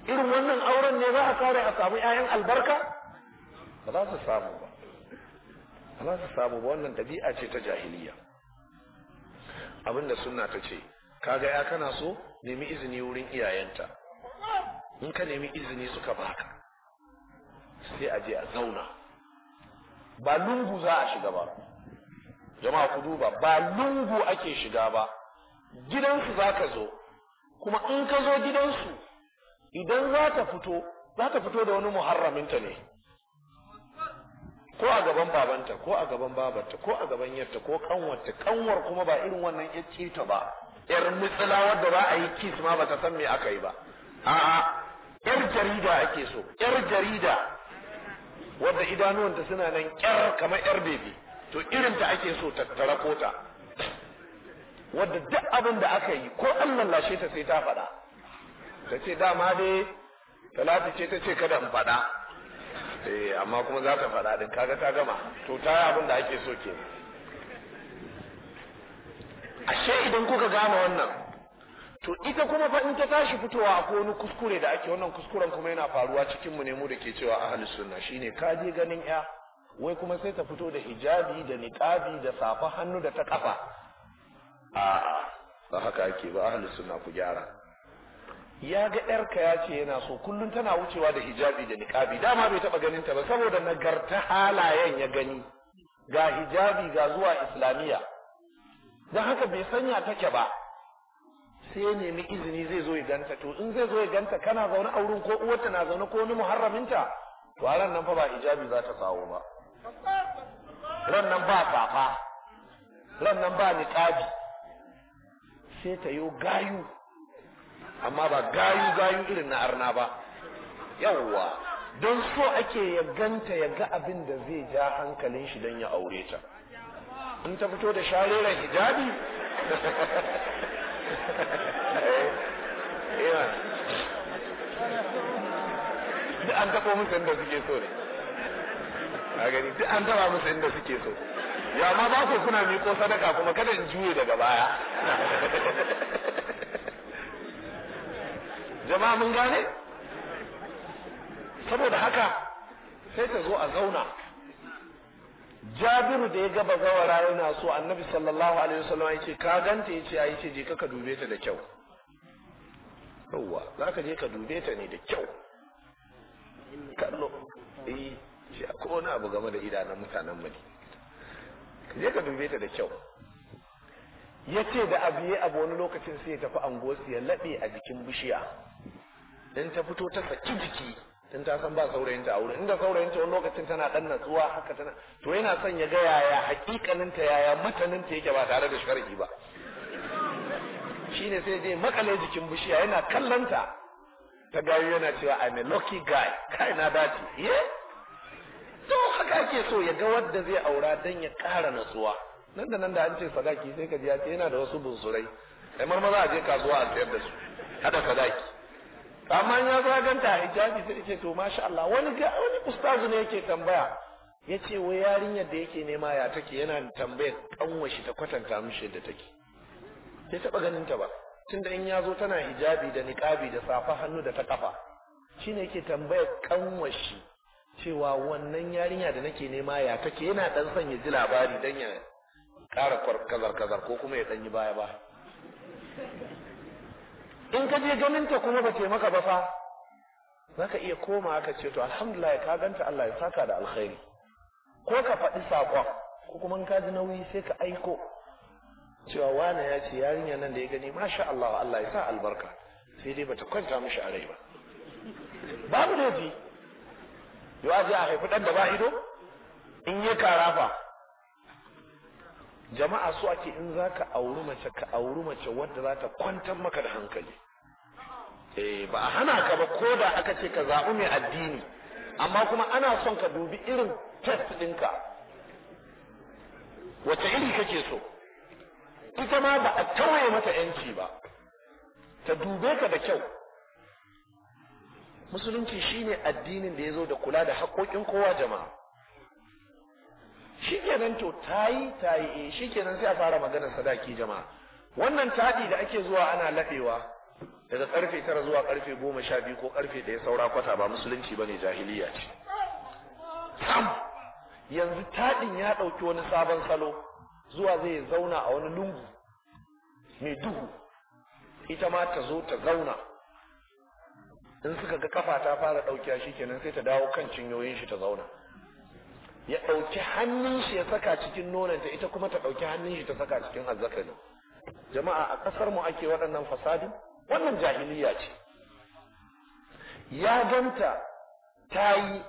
irin wannan auren ne za a kare a samu 'ya'yan albarka ba za su samu ba ba za su samu ba wannan ɗabi'a ce ta jahiliya abinda sunna ta ce kaga ya kana so nemi izini wurin iyayenta in ka nemi izini suka baka sai a je a zauna ba lungu za a shiga ba jama'a ku duba ba lungu ake shiga ba gidansu za ka zo kuma in ka zo gidansu idan za ta fito za ta fito da wani muharraminta ne ko a gaban babanta ko a gaban babarta ko a gaban yarta ko kanwarta kanwar kuma ba irin wannan ya ta ba yar mutsila wanda ba a yi kis ma ba ta san me aka yi ba a'a yar jarida ake so yar jarida wadda idanuwanta suna nan kyar kamar yar bebe to irin ta ake so tattara kota wadda duk abin da aka yi ko an lallashe ta sai ta faɗa ka ce dama dai talatu ce ta ce kada in faɗa eh amma kuma za ta faɗa din kaga ta gama to ta yi abin da ake so ke ashe idan kuka gane wannan to ita kuma fa in ta tashi fitowa a wani kuskure da ake wannan kuskuren kuma yana faruwa cikin mu ne mu da ke cewa ahlus sunna shine ka je ganin ya wai kuma sai ta fito da hijabi da niqabi da safa hannu da ta kafa a'a ba haka ake ba ahlus suna ku gyara ya ga yarka ya ce yana so kullum tana wucewa da hijabi da niqabi dama bai taɓa ganin ta ba saboda nagarta halayen ya gani ga hijabi ga zuwa islamiyya don haka bai sanya take ba sai ya nemi izini zai zo ya ganta to in zai zo ya ganta kana zaune a wurin ko uwarta na zaune ko wani muharraminta to a ran nan fa ba hijabi za ta kawo ba ran nan ba safa ran nan ba niqabi sai ta yo gayu amma ba gayu gayu irin na arna ba yawwa don so ake ya ganta ya ga abin da zai ja hankalin shi don ya aure ta in ta fito da shareren hijabi duk an taɓa musu inda suke so ne a gani duk an taɓa musu inda suke so ya ma ba ku kuna miƙo sadaka kuma kada in juye daga baya jama'a mun gane saboda haka sai ka zo a zauna jabiru da ya gaba gawara yana so annabi sallallahu alaihi wasallam ya ka ganta yace ce ce je ka dube ta da kyau yawa za ka je ka dube ta ne da kyau kallo eh shi akwai wani abu game da idanun mutanen mu ka je ka dube ta da kyau ya ce da abu ya abu wani lokacin sai ya tafi angosi ya laɓe a jikin bishiya dan ta fito ta saki jiki dan ta san ba saurayinta a wurin inda saurayinta wani lokacin tana dan natsuwa haka tana to yana son ya ga yaya ta yaya mataninta yake ba tare da sharhi ba shine sai dai makale jikin bishiya yana kallanta ta gayo yana cewa I'm a lucky guy kai na dace to haka ake so ya ga wanda zai aura dan ya kara natsuwa nan da nan da an ce sadaki sai ka ji ya ce yana da wasu bunsurai kamar maza a je kasuwa a sayar da su hada sadaki amma ya zo ganta a hijabi sai yake to masha Allah wani ga wani ustazu ne yake tambaya yace wai yarinyar da yake nema ya take yana tambaya kanwa shi ta kwatanta mishi da take sai taba ganin ta ba tunda in ya zo tana hijabi da niqabi da safa hannu da ta kafa shine yake tambaya kanwa shi cewa wannan yarinya da nake nema ya take yana dan son ya ji labari dan ya ƙara kazar kazar ko kuma ya dan yi baya ba in ka je ganin ta kuma ba ce maka ba fa za ka iya koma ka ce to alhamdulillah ka ganta Allah ya saka da alkhairi ko ka faɗi saƙon ko kuma ka ji nauyi sai ka aiko cewa wane ya ce yarinya nan da ya gani masha Allah Allah ya sa albarka sai dai bata kwanta mishi a rai ba babu laifi yau a a haifi ɗan da ba ido in ya karafa jama'a su ake in za ka auri mace ka auri mace wadda za ta kwantar maka da hankali eh ba a hana ka ba ko da aka ce ka zaɓi mai addini amma kuma ana son ka dubi irin test ɗinka wace iri kake so ita ma ba a tawaye mata yanci ba ta dube ka da kyau musulunci shine addinin da ya zo da kula da haƙoƙin kowa jama'a shikenan to tayi tayi eh, shikenan sai a fara maganar sadaki jama'a wannan taɗi da ake zuwa ana laɗewa daga karfe tara zuwa karfe goma sha biyu ko karfe da saura kwata ba musulunci ba ne jahiliya ce sam yanzu taɗin ya ɗauki wani sabon salo zuwa zai zauna a wani lungu mai duhu ita ma ta zo ta zauna in suka ga kafa ta fara ɗaukiya shi kenan sai ta dawo kan cinyoyin shi ta zauna ya ɗauki hannun shi ya saka cikin nonanta ita kuma ta ɗauki hannun shi ta saka cikin azzakari jama'a a ƙasar mu ake waɗannan fasadin wannan jahiliya ce ya ganta ta yi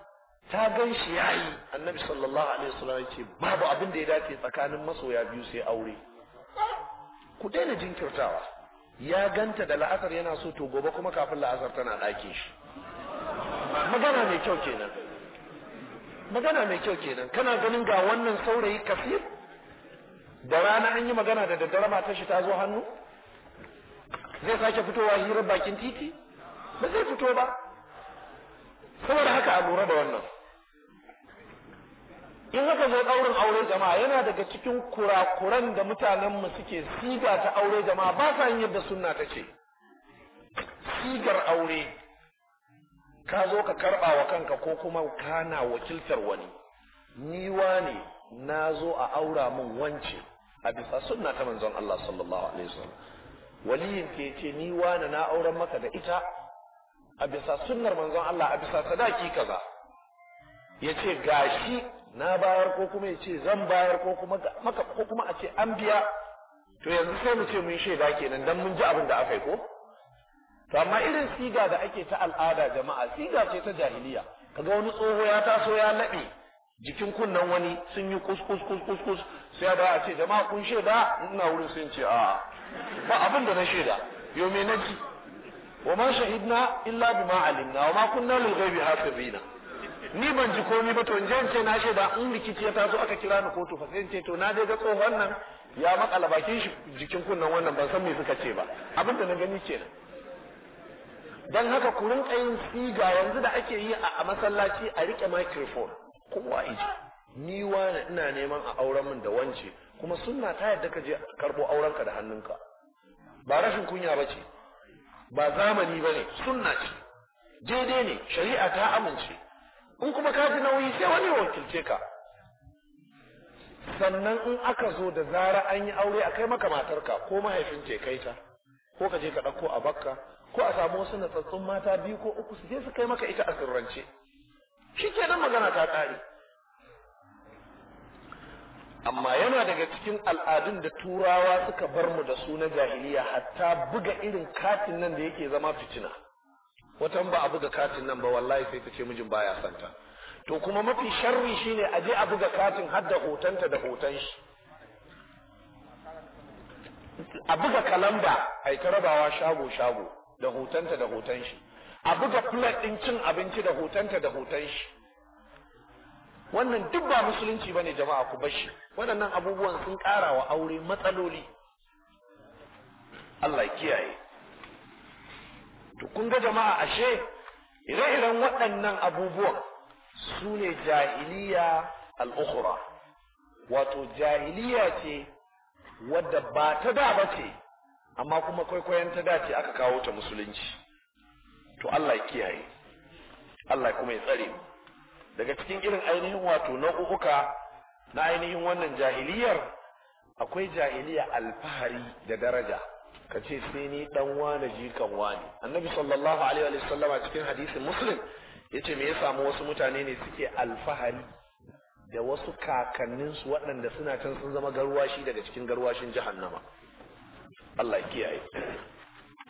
ta gan shi ya yi annabi sallallahu alaihi wasallam ya ce babu abin da ya dace tsakanin masoya biyu sai aure ku daina jinkirtawa ya ganta da la'asar yana so to gobe kuma kafin la'asar tana ɗakin shi magana mai kyau kenan magana mai kyau kenan kana ganin ga wannan saurayi kafir da rana an yi magana da daddare mata shi ta zo hannu zai sake fitowa hira bakin titi ba zai fito ba saboda haka a lura da wannan in haka zai ɗaurin aure jama'a yana daga cikin kurakuran da mutanenmu suke siga ta aure jama'a ba sa yin yadda sunna ta ce sigar aure ka zo ka karɓa wa kanka ko kuma kana wakiltar wani niwa ne na zo a aura min wance a bisa sunna ta manzon Allah sallallahu alaihi wasallam waliyin ke ce ni wani na auren maka da ita a bisa sunnar manzon Allah a bisa sadaki kaza ya ce gashi na bayar ko kuma ya ce zan bayar ko kuma maka ko kuma a ce an biya to yanzu sai mu ce mun shaida kenan dan mun ji abin da aka yi ko to amma irin siga da ake ta al'ada jama'a siga ce ta jahiliya kaga wani tsoho ya taso ya laɓe jikin kunnen wani sun yi kus kus kus kus sai da a ce jama'a kun shaida ina wurin sun ce a ba abin da na shaida yau na naji wa ma shahidna illa bima alimna wa ma kunna lil ghaibi hafizina ni ban ji komai ba to in ce na shaida in rikici ya taso aka kira ni kotu fa sai ce to na dai ga tsohon nan ya makala bakin shi jikin kunnan wannan ban san me suka ce ba abin da na gani kenan dan haka ku rinka yin siga yanzu da ake yi a masallaci a rike microphone kowa iji ni wa ina neman a auren min da wance kuma sunna ta yadda ka je karbo aurenka da hannunka ba rashin kunya ba ce ba zamani ba ne sunna ce daidai ne shari'a ta amince in kuma ka ji nauyi sai wani wakilce ka sannan in aka zo da zara an yi aure a kai maka matarka ko mahaifin ce kai ta ko ka je ka ɗauko a bakka ko a samu wasu natsatsun mata biyu ko uku su je su kai maka ita a sirrance shi kenan magana ta ƙare amma yana daga cikin al'adun da turawa suka bar mu da su na jahiliya hatta buga irin katin nan da yake zama fitina watan ba a buga katin nan ba wallahi sai ta ce mijin baya santa to kuma mafi sharri shine a je a buga katin har da hotonta da hoton shi a buga kalamba a yi rabawa shago shago da hotonta da hoton shi a buga plate din cin abinci da hotonta da hoton shi wannan duk ba musulunci bane jama'a ku bashi waɗannan abubuwan sun ƙara wa aure matsaloli Allah kiyaye to kun ga jama'a ashe ire-iren waɗannan abubuwan su ne jahiliya al'ukura wato jahiliya ce wadda ba ta da ba ce amma kuma kwaikwayon ta dace aka kawo ta musulunci to Allah kiyaye Allah kuma ya tsare mu daga cikin irin ainihin wato nau'uka na ainihin wannan jahiliyar akwai jahiliya alfahari da daraja ka ce sai ni dan wane jikan wane annabi sallallahu alaihi wa sallam a cikin hadisin muslim yace me ya samu wasu mutane ne suke alfahari da wasu kakanninsu waɗanda suna can sun zama garwashi daga cikin garwashin jahannama Allah kiyaye.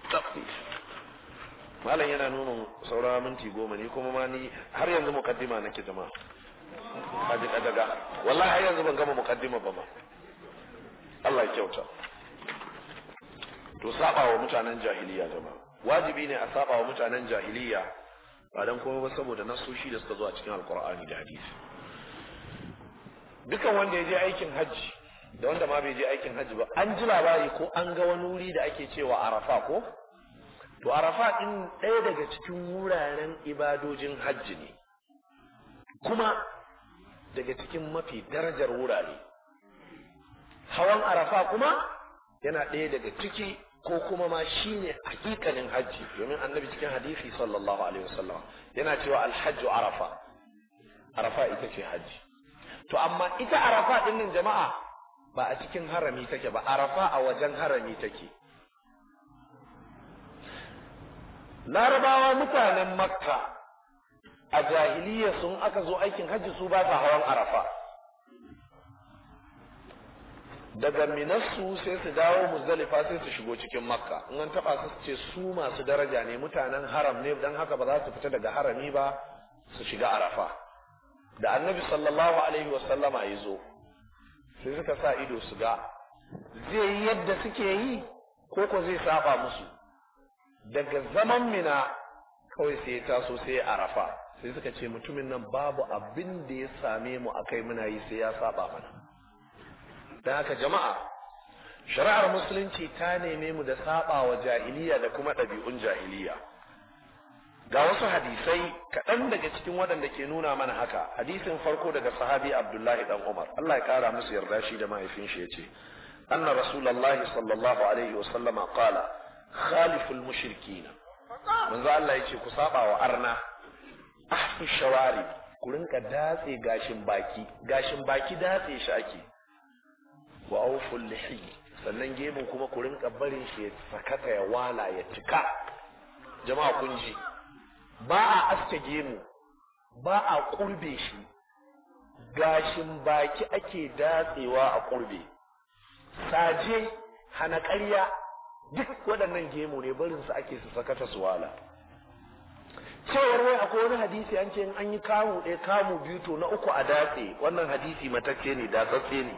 Tafsir. malam yana nuna saura minti goma ni kuma ma ni har yanzu mukaddima nake jama kaji kadaga wallahi har yanzu ban gama mukaddima ba ma Allah ya kyauta to saba wa mutanen jahiliya jama wajibi ne a saba wa mutanen jahiliya ba dan kuma ba saboda nasoshi da suka zo a cikin alqur'ani da hadisi dukan wanda ya je aikin hajji da wanda ma bai je aikin hajji ba an ji labari ko an ga wani wuri da ake cewa arafa ko to arafa din ɗaya daga cikin wuraren ibadojin hajji ne kuma daga cikin mafi darajar wurare hawan arafa kuma yana ɗaya daga ciki ko kuma ma shine hakikanin hajji domin annabi cikin hadisi sallallahu alaihi wasallam yana cewa alhajju arafa arafa ita ce hajji to amma ita arafa ɗin nan jama'a ba a cikin harami take ba arafa a wajen harami take larabawa mutanen makka a jahiliya sun aka zo aikin hajji su ba ta hawan arafa daga minassu sai su dawo muzdalifa sai su shigo cikin makka in an taba su ce su masu daraja ne mutanen haram ne don haka ba za su fita daga harami ba su shiga arafa da annabi sallallahu alaihi wasallama ya zo sai suka sa ido su ga zai yi yadda suke yi ko ko zai saba musu daga zaman mina kawai sai ya taso sai arafa sai suka ce mutumin nan babu abin da ya same mu akai muna yi sai ya saba mana Da haka jama'a shari'ar musulunci ta neme mu da saba wa jahiliya da kuma ɗabi'un jahiliya ga wasu hadisai kaɗan daga cikin waɗanda ke nuna mana haka hadisin farko daga sahabi abdullahi dan umar allah ya kara musu yarda shi da mahaifin shi ya ce anna rasulullahi sallallahu alaihi wasallama qala khaliful mushrikina manzo Allah yace ku saba wa arna ahfi shawari ku rinka datse gashin baki gashin baki datse shi ake wa awful lihi sannan gemun kuma ku rinka barin shi ya sakata ya wala ya cika jama'a kun ji ba a aske gemu ba a kurbe shi gashin baki ake datsewa a kurbe saje hana ƙarya duk waɗannan gemu ne barin su ake su sakata su wala cewar wai akwai wani hadisi an ce in an yi kamu ɗaya kamu biyu to na uku a datse wannan hadisi matacce ne datsatse ne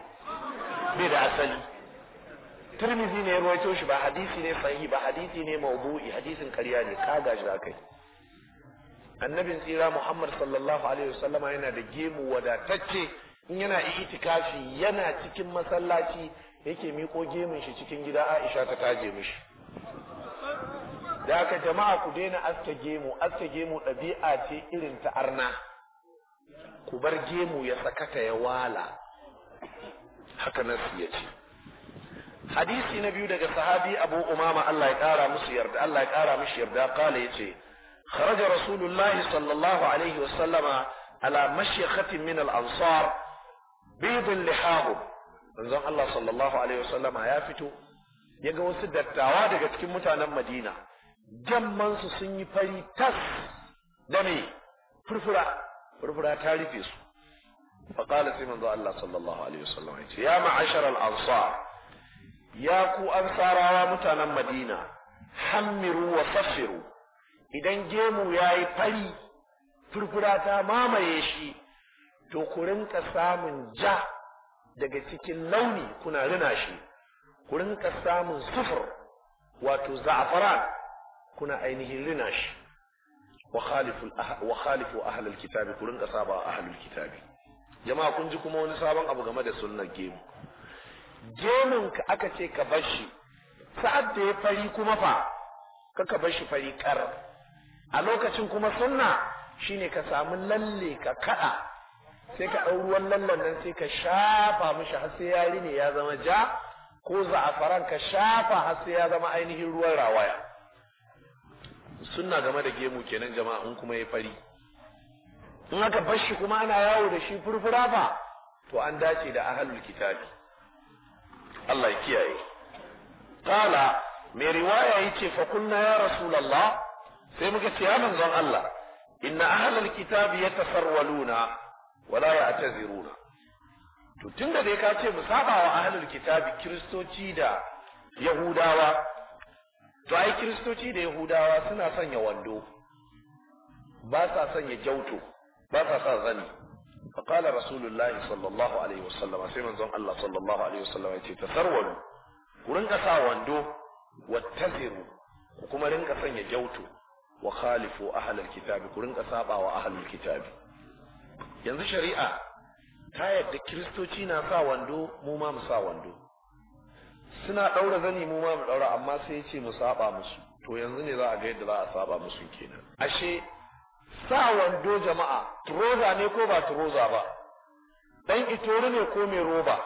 bai da asali turmizi ne ya rawaito shi ba hadisi ne sahi, ba hadisi ne maudu'i hadisin karya ne ka gashi da kai annabin tsira muhammad sallallahu alaihi wasallama yana da gemu wadatacce in yana itikafi yana cikin masallaci yake miko gemun shi cikin gida Aisha ta taje mishi da aka jama'a ku daina aske gemu aske gemu ɗabi'a ce irin ta arna ku bar gemu ya sakata ya wala haka nasu ya ce hadisi na biyu daga sahabi abu umama Allah ya kara musu yarda Allah ya kara mishi yarda kala yace kharaja rasulullahi sallallahu alaihi wasallama ala mashyatin min al-ansar bidun lihahu manzon Allah sallallahu alaihi wasallama ya fito ya ga wasu dattawa daga cikin mutanen Madina jamman su sun yi fari tas da me furfura furfura ta rufe su fa qala sai manzon Allah sallallahu alaihi wasallama ya ce ya ma'ashar al-ansar ya ku ansarawa mutanen Madina hammiru wa safiru idan gemu yayi fari furfura ta mamaye shi to ku rinka samun ja daga cikin launi kuna rina shi ku rinka samun sufur wato za'afaran kuna ainihin rina shi wa khalifu ahlul kitabi ku rinka saba ahlul kitabi jama'a kun ji kuma wani sabon abu game da sunnar gemu gemun ka aka ce ka bar shi sa'ad da ya fari kuma fa ka ka bar shi fari kar a lokacin kuma sunna shine ka samu lalle ka kada sai ka ɗau ruwan lallan nan sai ka shafa mishi har sai ne ya zama ja ko za'afaran ka shafa har sai ya zama ainihin ruwan rawaya sunna game da gemu kenan jama'a in kuma ya fari in aka bar shi kuma ana yawo da shi furfura fa to an dace da ahlul kitabi Allah ya kiyaye qala mai riwaya yace fa kunna ya rasulullah sai muka ce ya manzon Allah inna ahlul kitabi yatasarwaluna wala ya'taziruna to da dai ka ce mu saba wa ahlul kitabi kristoci da yahudawa to ai kristoci da yahudawa suna sanya wando ba sa sanya jauto ba sa sa zani فقال رسول الله صلى الله عليه وسلم sai manzon Allah sallallahu alaihi wasallam yace tasarwalu ku rinka sa wando wattaziru ku kuma rinka sanya jauto wa khalifu ahlul kitabi ku rinka saba wa kitabi yanzu shari'a ta yadda kiristoci na sa wando mu ma mu sa wando suna ɗaura zani mu ma mu ɗaura amma sai ya ce mu saba musu to yanzu ne za a ga yadda za a saba musu kenan ashe sa wando jama'a turoza ne ko ba turoza ba Ɗan itori ne ko mai roba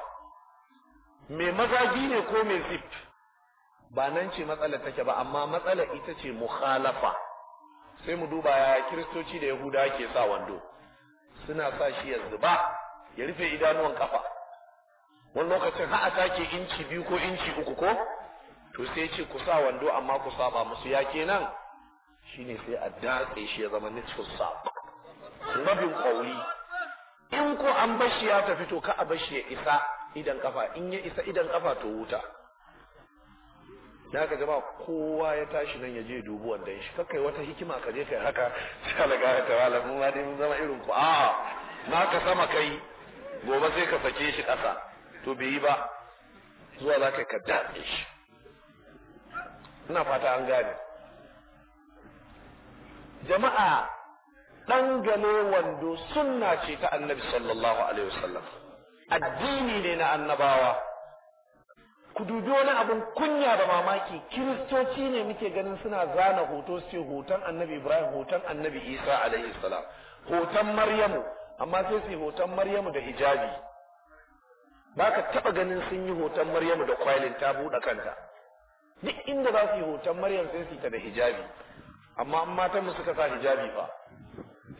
mai mazagi ne ko mai zip ba nan ce matsala take ba amma matsala ita ce mukhalafa sai mu duba yaya kiristoci da yahuda ke sa wando suna sa shi ya zuba ya rufe idanuwan kafa wani lokacin har a sake inci biyu ko inci uku ko to sai ce ku sa wando amma ku saba musu ya kenan shine sai a datse shi ya zama cikin sa. rabin kauli in ko an bashi ya tafi to ka a bashi ya isa idan kafa in ya isa idan kafa to wuta da aka gaba kowa ya tashi nan ya je dubu wannan shi kakai wata hikima ka je kai haka sai Allah ya tawala mu ma dai mun zama irin ku a'a na ka sama kai gobe sai ka sake shi kasa to bai yi ba zuwa za ka daɗe shi ina fata an gane jama'a dangane wando sunna ce ta annabi sallallahu alaihi wasallam addini ne na annabawa ku dubi wani abin kunya da mamaki kiristoci ne muke ganin suna zana hoto su ce hoton annabi ibrahim hoton annabi isa alaihi salam hoton maryamu amma sai su hoton maryamu da hijabi ba ka taɓa ganin sun yi hoton maryamu da kwalin ta buɗe kanta duk inda za su yi hoton maryam sai su ta da hijabi amma an matan mu suka sa hijabi fa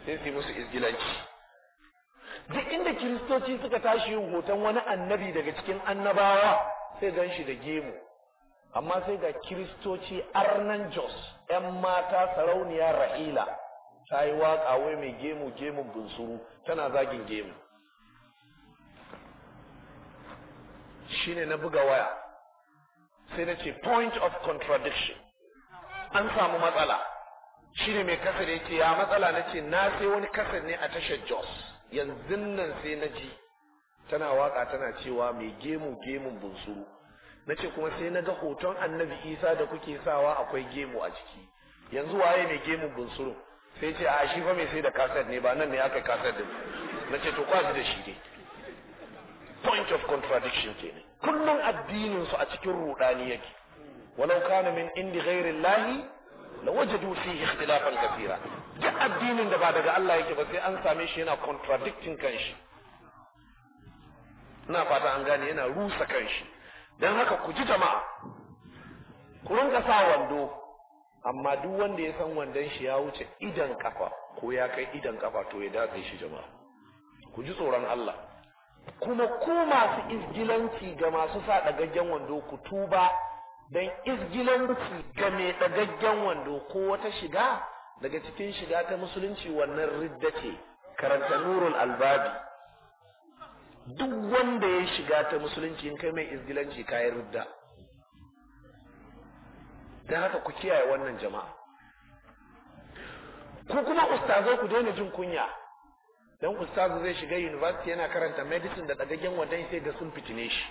sai su yi musu izgilanci duk inda kiristoci suka tashi yin hoton wani annabi daga cikin annabawa sai gan shi da gemu amma sai ga kiristoci arnan jos yan mata sarauniya ra'ila ta yi waƙa wai mai gemu gemun bunsuru tana zagin gemu shine na buga waya sai na ce point of contradiction an samu matsala shine mai kasa da yake ya matsala na ce na sai wani kasa ne a tashar jos yanzu nan sai na ji tana waka tana cewa mai gemu gemun bunsuru ce kuma sai naga hoton annabi isa da kuke sawa akwai gemu a ciki yanzu waye mai gemun bunsuru sai ce a shi fa mai sai da kaset ne ba nan ne aka kaset din ce to kwashi da shi ne point of contradiction ne kullum addinin su a cikin rudani yake walau kana min indi ghairi llahi lawajadu fihi ikhtilafan kathira duk addinin da ba daga Allah yake ba sai an same shi yana contradicting kanshi ina fata an gane yana rusa kanshi don haka ku ji jama'a ku rinka sa wando amma duk wanda ya san wandon shi ya wuce idan kafa ko ya kai idan kafa to ya datse shi jama'a ku ji tsoron Allah kuma ku masu izgilanci ga masu sa dagaggen wando ku tuba don izgilanci ga mai dagaggen wando ko wata shiga daga cikin shiga ta musulunci wannan ridda ce karanta nurul albabi duk wanda ya shiga ta musulunci in kai mai izgilanci ka yi rudda don haka ku kiyaye wannan jama'a ku kuma ustazai ku daina jin kunya don ustazu zai shiga university yana karanta medicine da dagaggen wadan sai ga sun fitine shi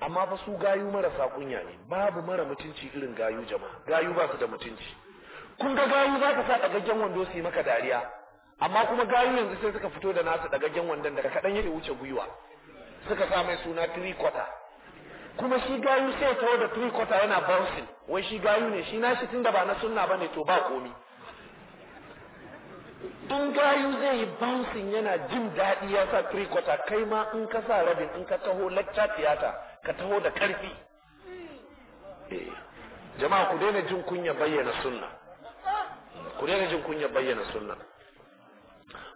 amma fa su gayu marasa kunya ne babu mara mutunci irin gayu jama'a gayu ba su da mutunci kun ga gayu za ka sa dagagen wando su yi maka dariya amma kuma gayu yanzu sai suka fito da nasu gen wandan daga kadan ya wuce gwiwa suka sa mai suna three kuma shi gayu sai tawo da three yana bouncing wai shi gayu ne shi nashi tunda ba na sunna bane to ba komi in gayu zai yi bouncing yana jin daɗi ya sa three kai ma in ka sa rabin in ka taho lecture theater ka taho da karfi eh, jama'a ku daina jin kunya bayyana sunna ku daina jin kunya bayyana sunna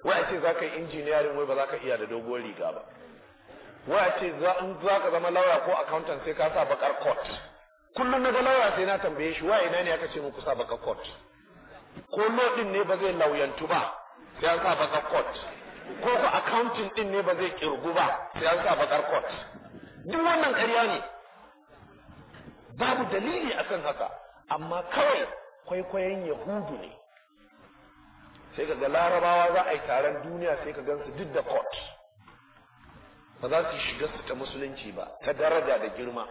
wai a ce za ka yi injiniyarin wai ba za ka iya da dogon riga ba wai a ce za ka zama lauya ko accountant sai ka sa bakar court kullum na ga lauya sai na tambaye shi wai ina ne aka ce muku sa bakar court ko lodin ne ba zai lauyantu ba sai an sa bakar court ko ko accounting din ne ba zai kirgu ba sai an sa bakar court duk wannan ƙarya ne babu dalili akan haka amma kawai kwaikwayon yahudu ne sai ka ga larabawa za a yi taron duniya sai ka gansu duk da court ba za su shiga su ta musulunci ba ta daraja da girma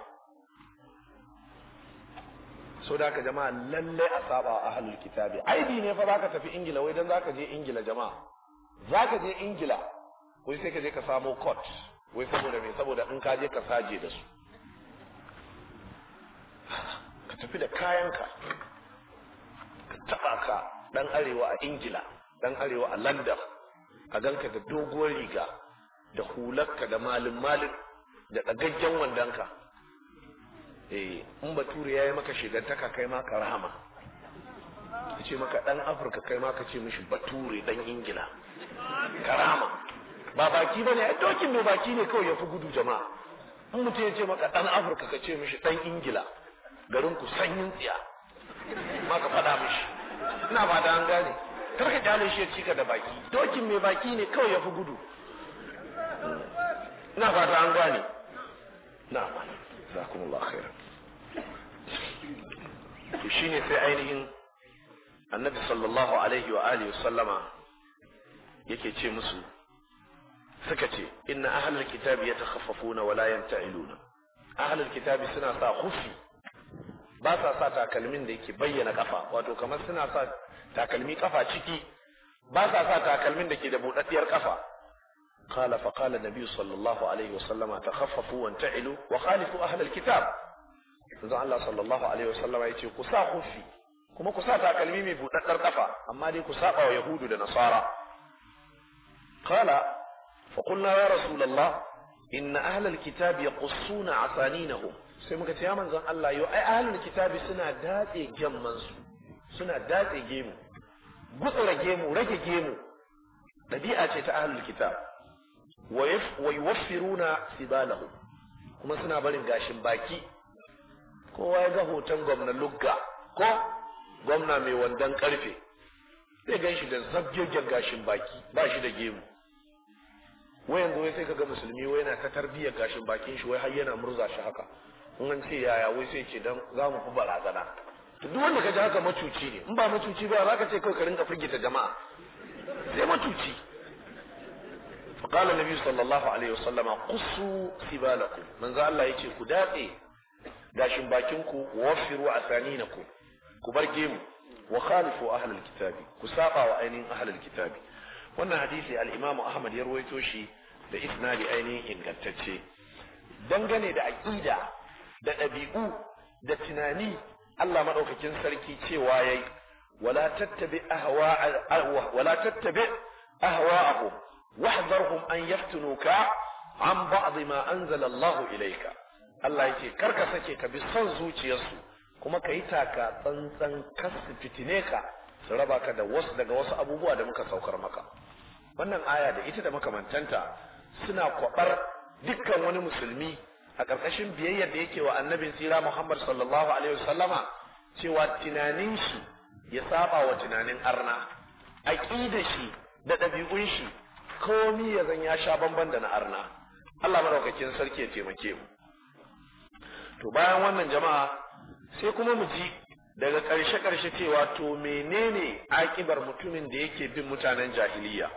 so da ka jama'a lalle a saba a halul kitabi aibi ne fa zaka tafi ingila wai dan zaka je ingila jama'a zaka je ingila wai sai ka je ka samo court wai saboda me saboda in ka je ka saje da su ka tafi da kayanka ka taba ka dan arewa a ingila dan arewa a london a ganka da doguwar riga da hularka da malin malin da ɗagaggen wandonka eh in bature ya yi maka shigantaka kai ma ka rahama ka ce maka ɗan afirka kai ma ka ce mishi bature ɗan ingila Karama. ba baki ba ne a dokin da baki ne kawai ya fi gudu jama'a in mutum ya ce maka ɗan afirka ka ce mishi ɗan ingila garin ku sanyin tsiya maka ka faɗa mishi ina da an gane karka kyale shi ya cika da baki dokin mai baki ne kawai ya fi gudu ina fata an gane na amana zakumullahu khairan shi ne sai ainihin annabi sallallahu alaihi wa alihi sallama yake ce musu suka ce inna ahlul kitabi yatakhafafuna wa la yanta'iluna ahlul kitabi suna sa khufi ba sa sa takalmin da yake bayyana kafa wato kamar suna sa takalmi kafa ciki ba sa sa takalmin da ke da buɗaɗɗiyar kafa قال فقال النبي صلى الله عليه وسلم تخففوا وانتعلوا وخالفوا أهل الكتاب إذا الله صلى الله عليه وسلم يتي كسا خفي كما كسا تاكلمي مي بودتر قفا أما دي كسا ويهود لنصارى قال فقلنا يا رسول الله إن أهل الكتاب يقصون عصانينهم sai muka ce ya manzon Allah yau ai ahlul kitabi suna datse gemman su suna datse gemu gutsura gemu rage gemu dabi'a ce ta ahlul kitab wa yuwaffiruna sibalahu kuma suna barin gashin baki kowa ya ga hoton gwamna lugga ko gwamna mai wandan karfe zai gan shi da zabjejjen gashin baki ba shi da gemu wayan gobe sai kaga musulmi wai yana ta tarbiyyar gashin bakin shi wai har yana murza shi haka in an ce yaya wai sai ce dan zamu fi barazana duk wanda ka ji haka macuci ne in ba macuci ba za ka ce kawai ka rinka firgita jama'a sai macuci فقال النبي صلى الله عليه وسلم قصوا سبالكم من ذا الله ku datse gashin bakin ku wafiru na ku bar gemu wa khalifu ahlul kitabi ku saba wa ainihin ahlul kitabi wannan hadisi al-Imam Ahmad ya rawaito shi da isnadi ainihin ingantacce dangane da aqida da ɗabi'u, da tunani Allah maɗaukakin sarki cewa yayi wala tattabi ahwa wala tattabi ahwa'ahum wahdharhum an yaftunuka an ba'd ma anzala Allah ilayka Allah yake karka sake ka bi son zuciyarsu kuma ka yi taka tsantsan kasu fitine ka su raba ka da wasu daga wasu abubuwa da muka saukar maka wannan aya da ita da makamantanta suna kwabar dukkan wani musulmi a ƙarƙashin biyayyar da yake wa annabin tsira Muhammad sallallahu alaihi wasallama cewa tunanin shi ya saba wa tunanin arna A da shi da ɗabi'un shi komi ya zan ya sha bamban da na arna Allah maɗaukakin sarki ya taimake mu to bayan wannan jama'a sai kuma mu ji daga ƙarshe ƙarshe cewa to menene aƙibar mutumin da yake bin mutanen jahiliya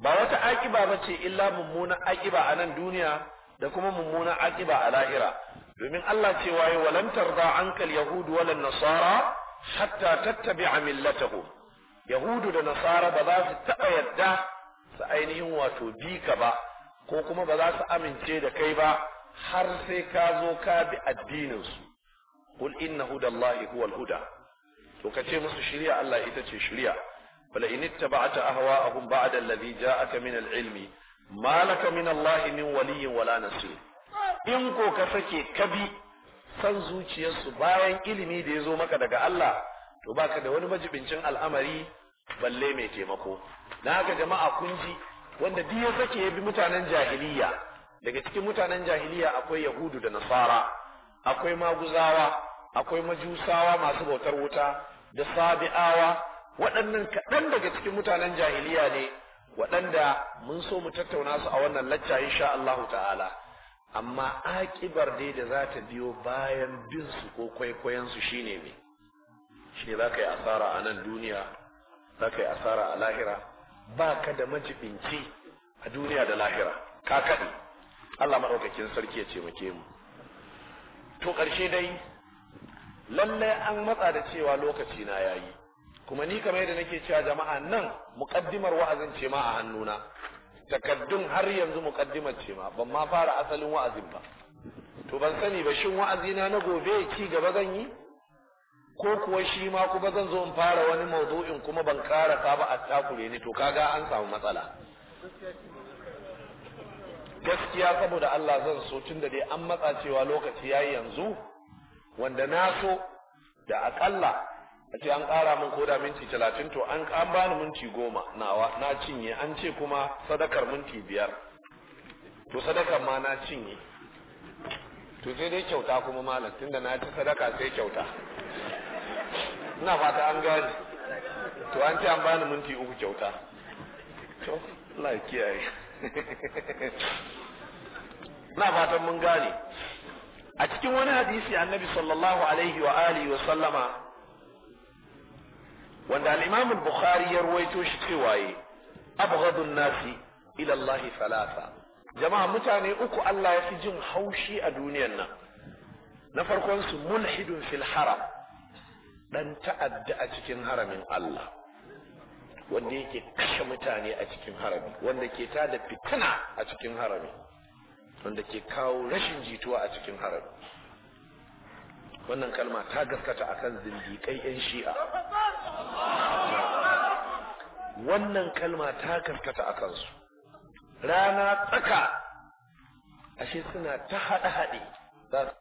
ba wata aƙiba ba ce illa mummuna akiba a nan duniya da kuma mummunan akiba a lahira domin Allah cewa ya walantar tarda ankal yahudu walan nasara hatta a millatahum yahudu da nasara ba za su taba yadda su ainihin wato bika ba ko kuma ba za su amince da kai ba har sai ka zo ka bi addininsu. su inna hudallahi huwal huda to kace musu shari'a Allah ita ce shari'a wala in ittaba'ta ahwa'ahum ba'da alladhi ja'aka min ilmi malaka min Allah min waliyin wala nasir in ko ka sake ka bi san zuciyarsu bayan ilimi da ya zo maka daga Allah to baka da wani majibincin al'amari balle mai taimako na haka jama'a kun ji wanda duk ya sake ya bi mutanen jahiliya daga cikin mutanen jahiliya akwai yahudu da nasara akwai maguzawa akwai majusawa masu bautar wuta da sabi'awa waɗannan kaɗan daga cikin mutanen jahiliya ne waɗanda mun so mu tattauna su a wannan lacca insha Allah ta'ala amma akibar dai da za ta biyo bayan bin su ko kwaikwayon su shine me shine za ka yi asara a nan duniya za ka yi asara a lahira ba ka da majibinci a duniya da lahira ka kaɗi Allah maɗaukakin sarki ya taimake mu to ƙarshe dai lallai an matsa da cewa lokaci na yayi kuma ni kamar yadda nake cewa jama'a nan muqaddimar wa'azin ce ma a hannuna takaddun har yanzu muqaddimar ce ma ban ma fara asalin wa'azin ba to ban sani ba shin wa'azina na gobe ci gaba zan yi ko kuwa shi ma kuma zan zo in fara wani mawdu'in kuma ban karasa ba a takure ni to kaga an samu matsala gaskiya saboda Allah zan so tun da dai an matsa cewa lokaci yayi yanzu wanda na so da akalla a ce an ƙara min koda minti talatin to an an bani minti goma nawa na cinye an ce kuma sadakar minti biyar to sadakar ma na cinye to sai dai kyauta kuma malam tunda na ci sadaka sai kyauta ina fata an gane to an ce an bani minti uku kyauta to Allah kiyaye ina fatan mun gane a cikin wani hadisi annabi sallallahu alaihi wa alihi wa sallama wanda alimamin bukhari ya ruwaito shi cewa yi nasi ilallahi Allah salasa jama'a mutane uku Allah ya fi jin haushi a duniyar nan na farkon su mulhidun fil haram ɗan ta'adda a cikin haramin Allah wanda yake kashe mutane a cikin harami wanda ke tada fitina a cikin harami wanda ke kawo rashin jituwa a cikin harami wannan kalma ta gaskata akan zindiƙai 'yan shi'a wannan kalma ta gaskata a kansu rana tsaka ashe suna ta haɗe-haɗe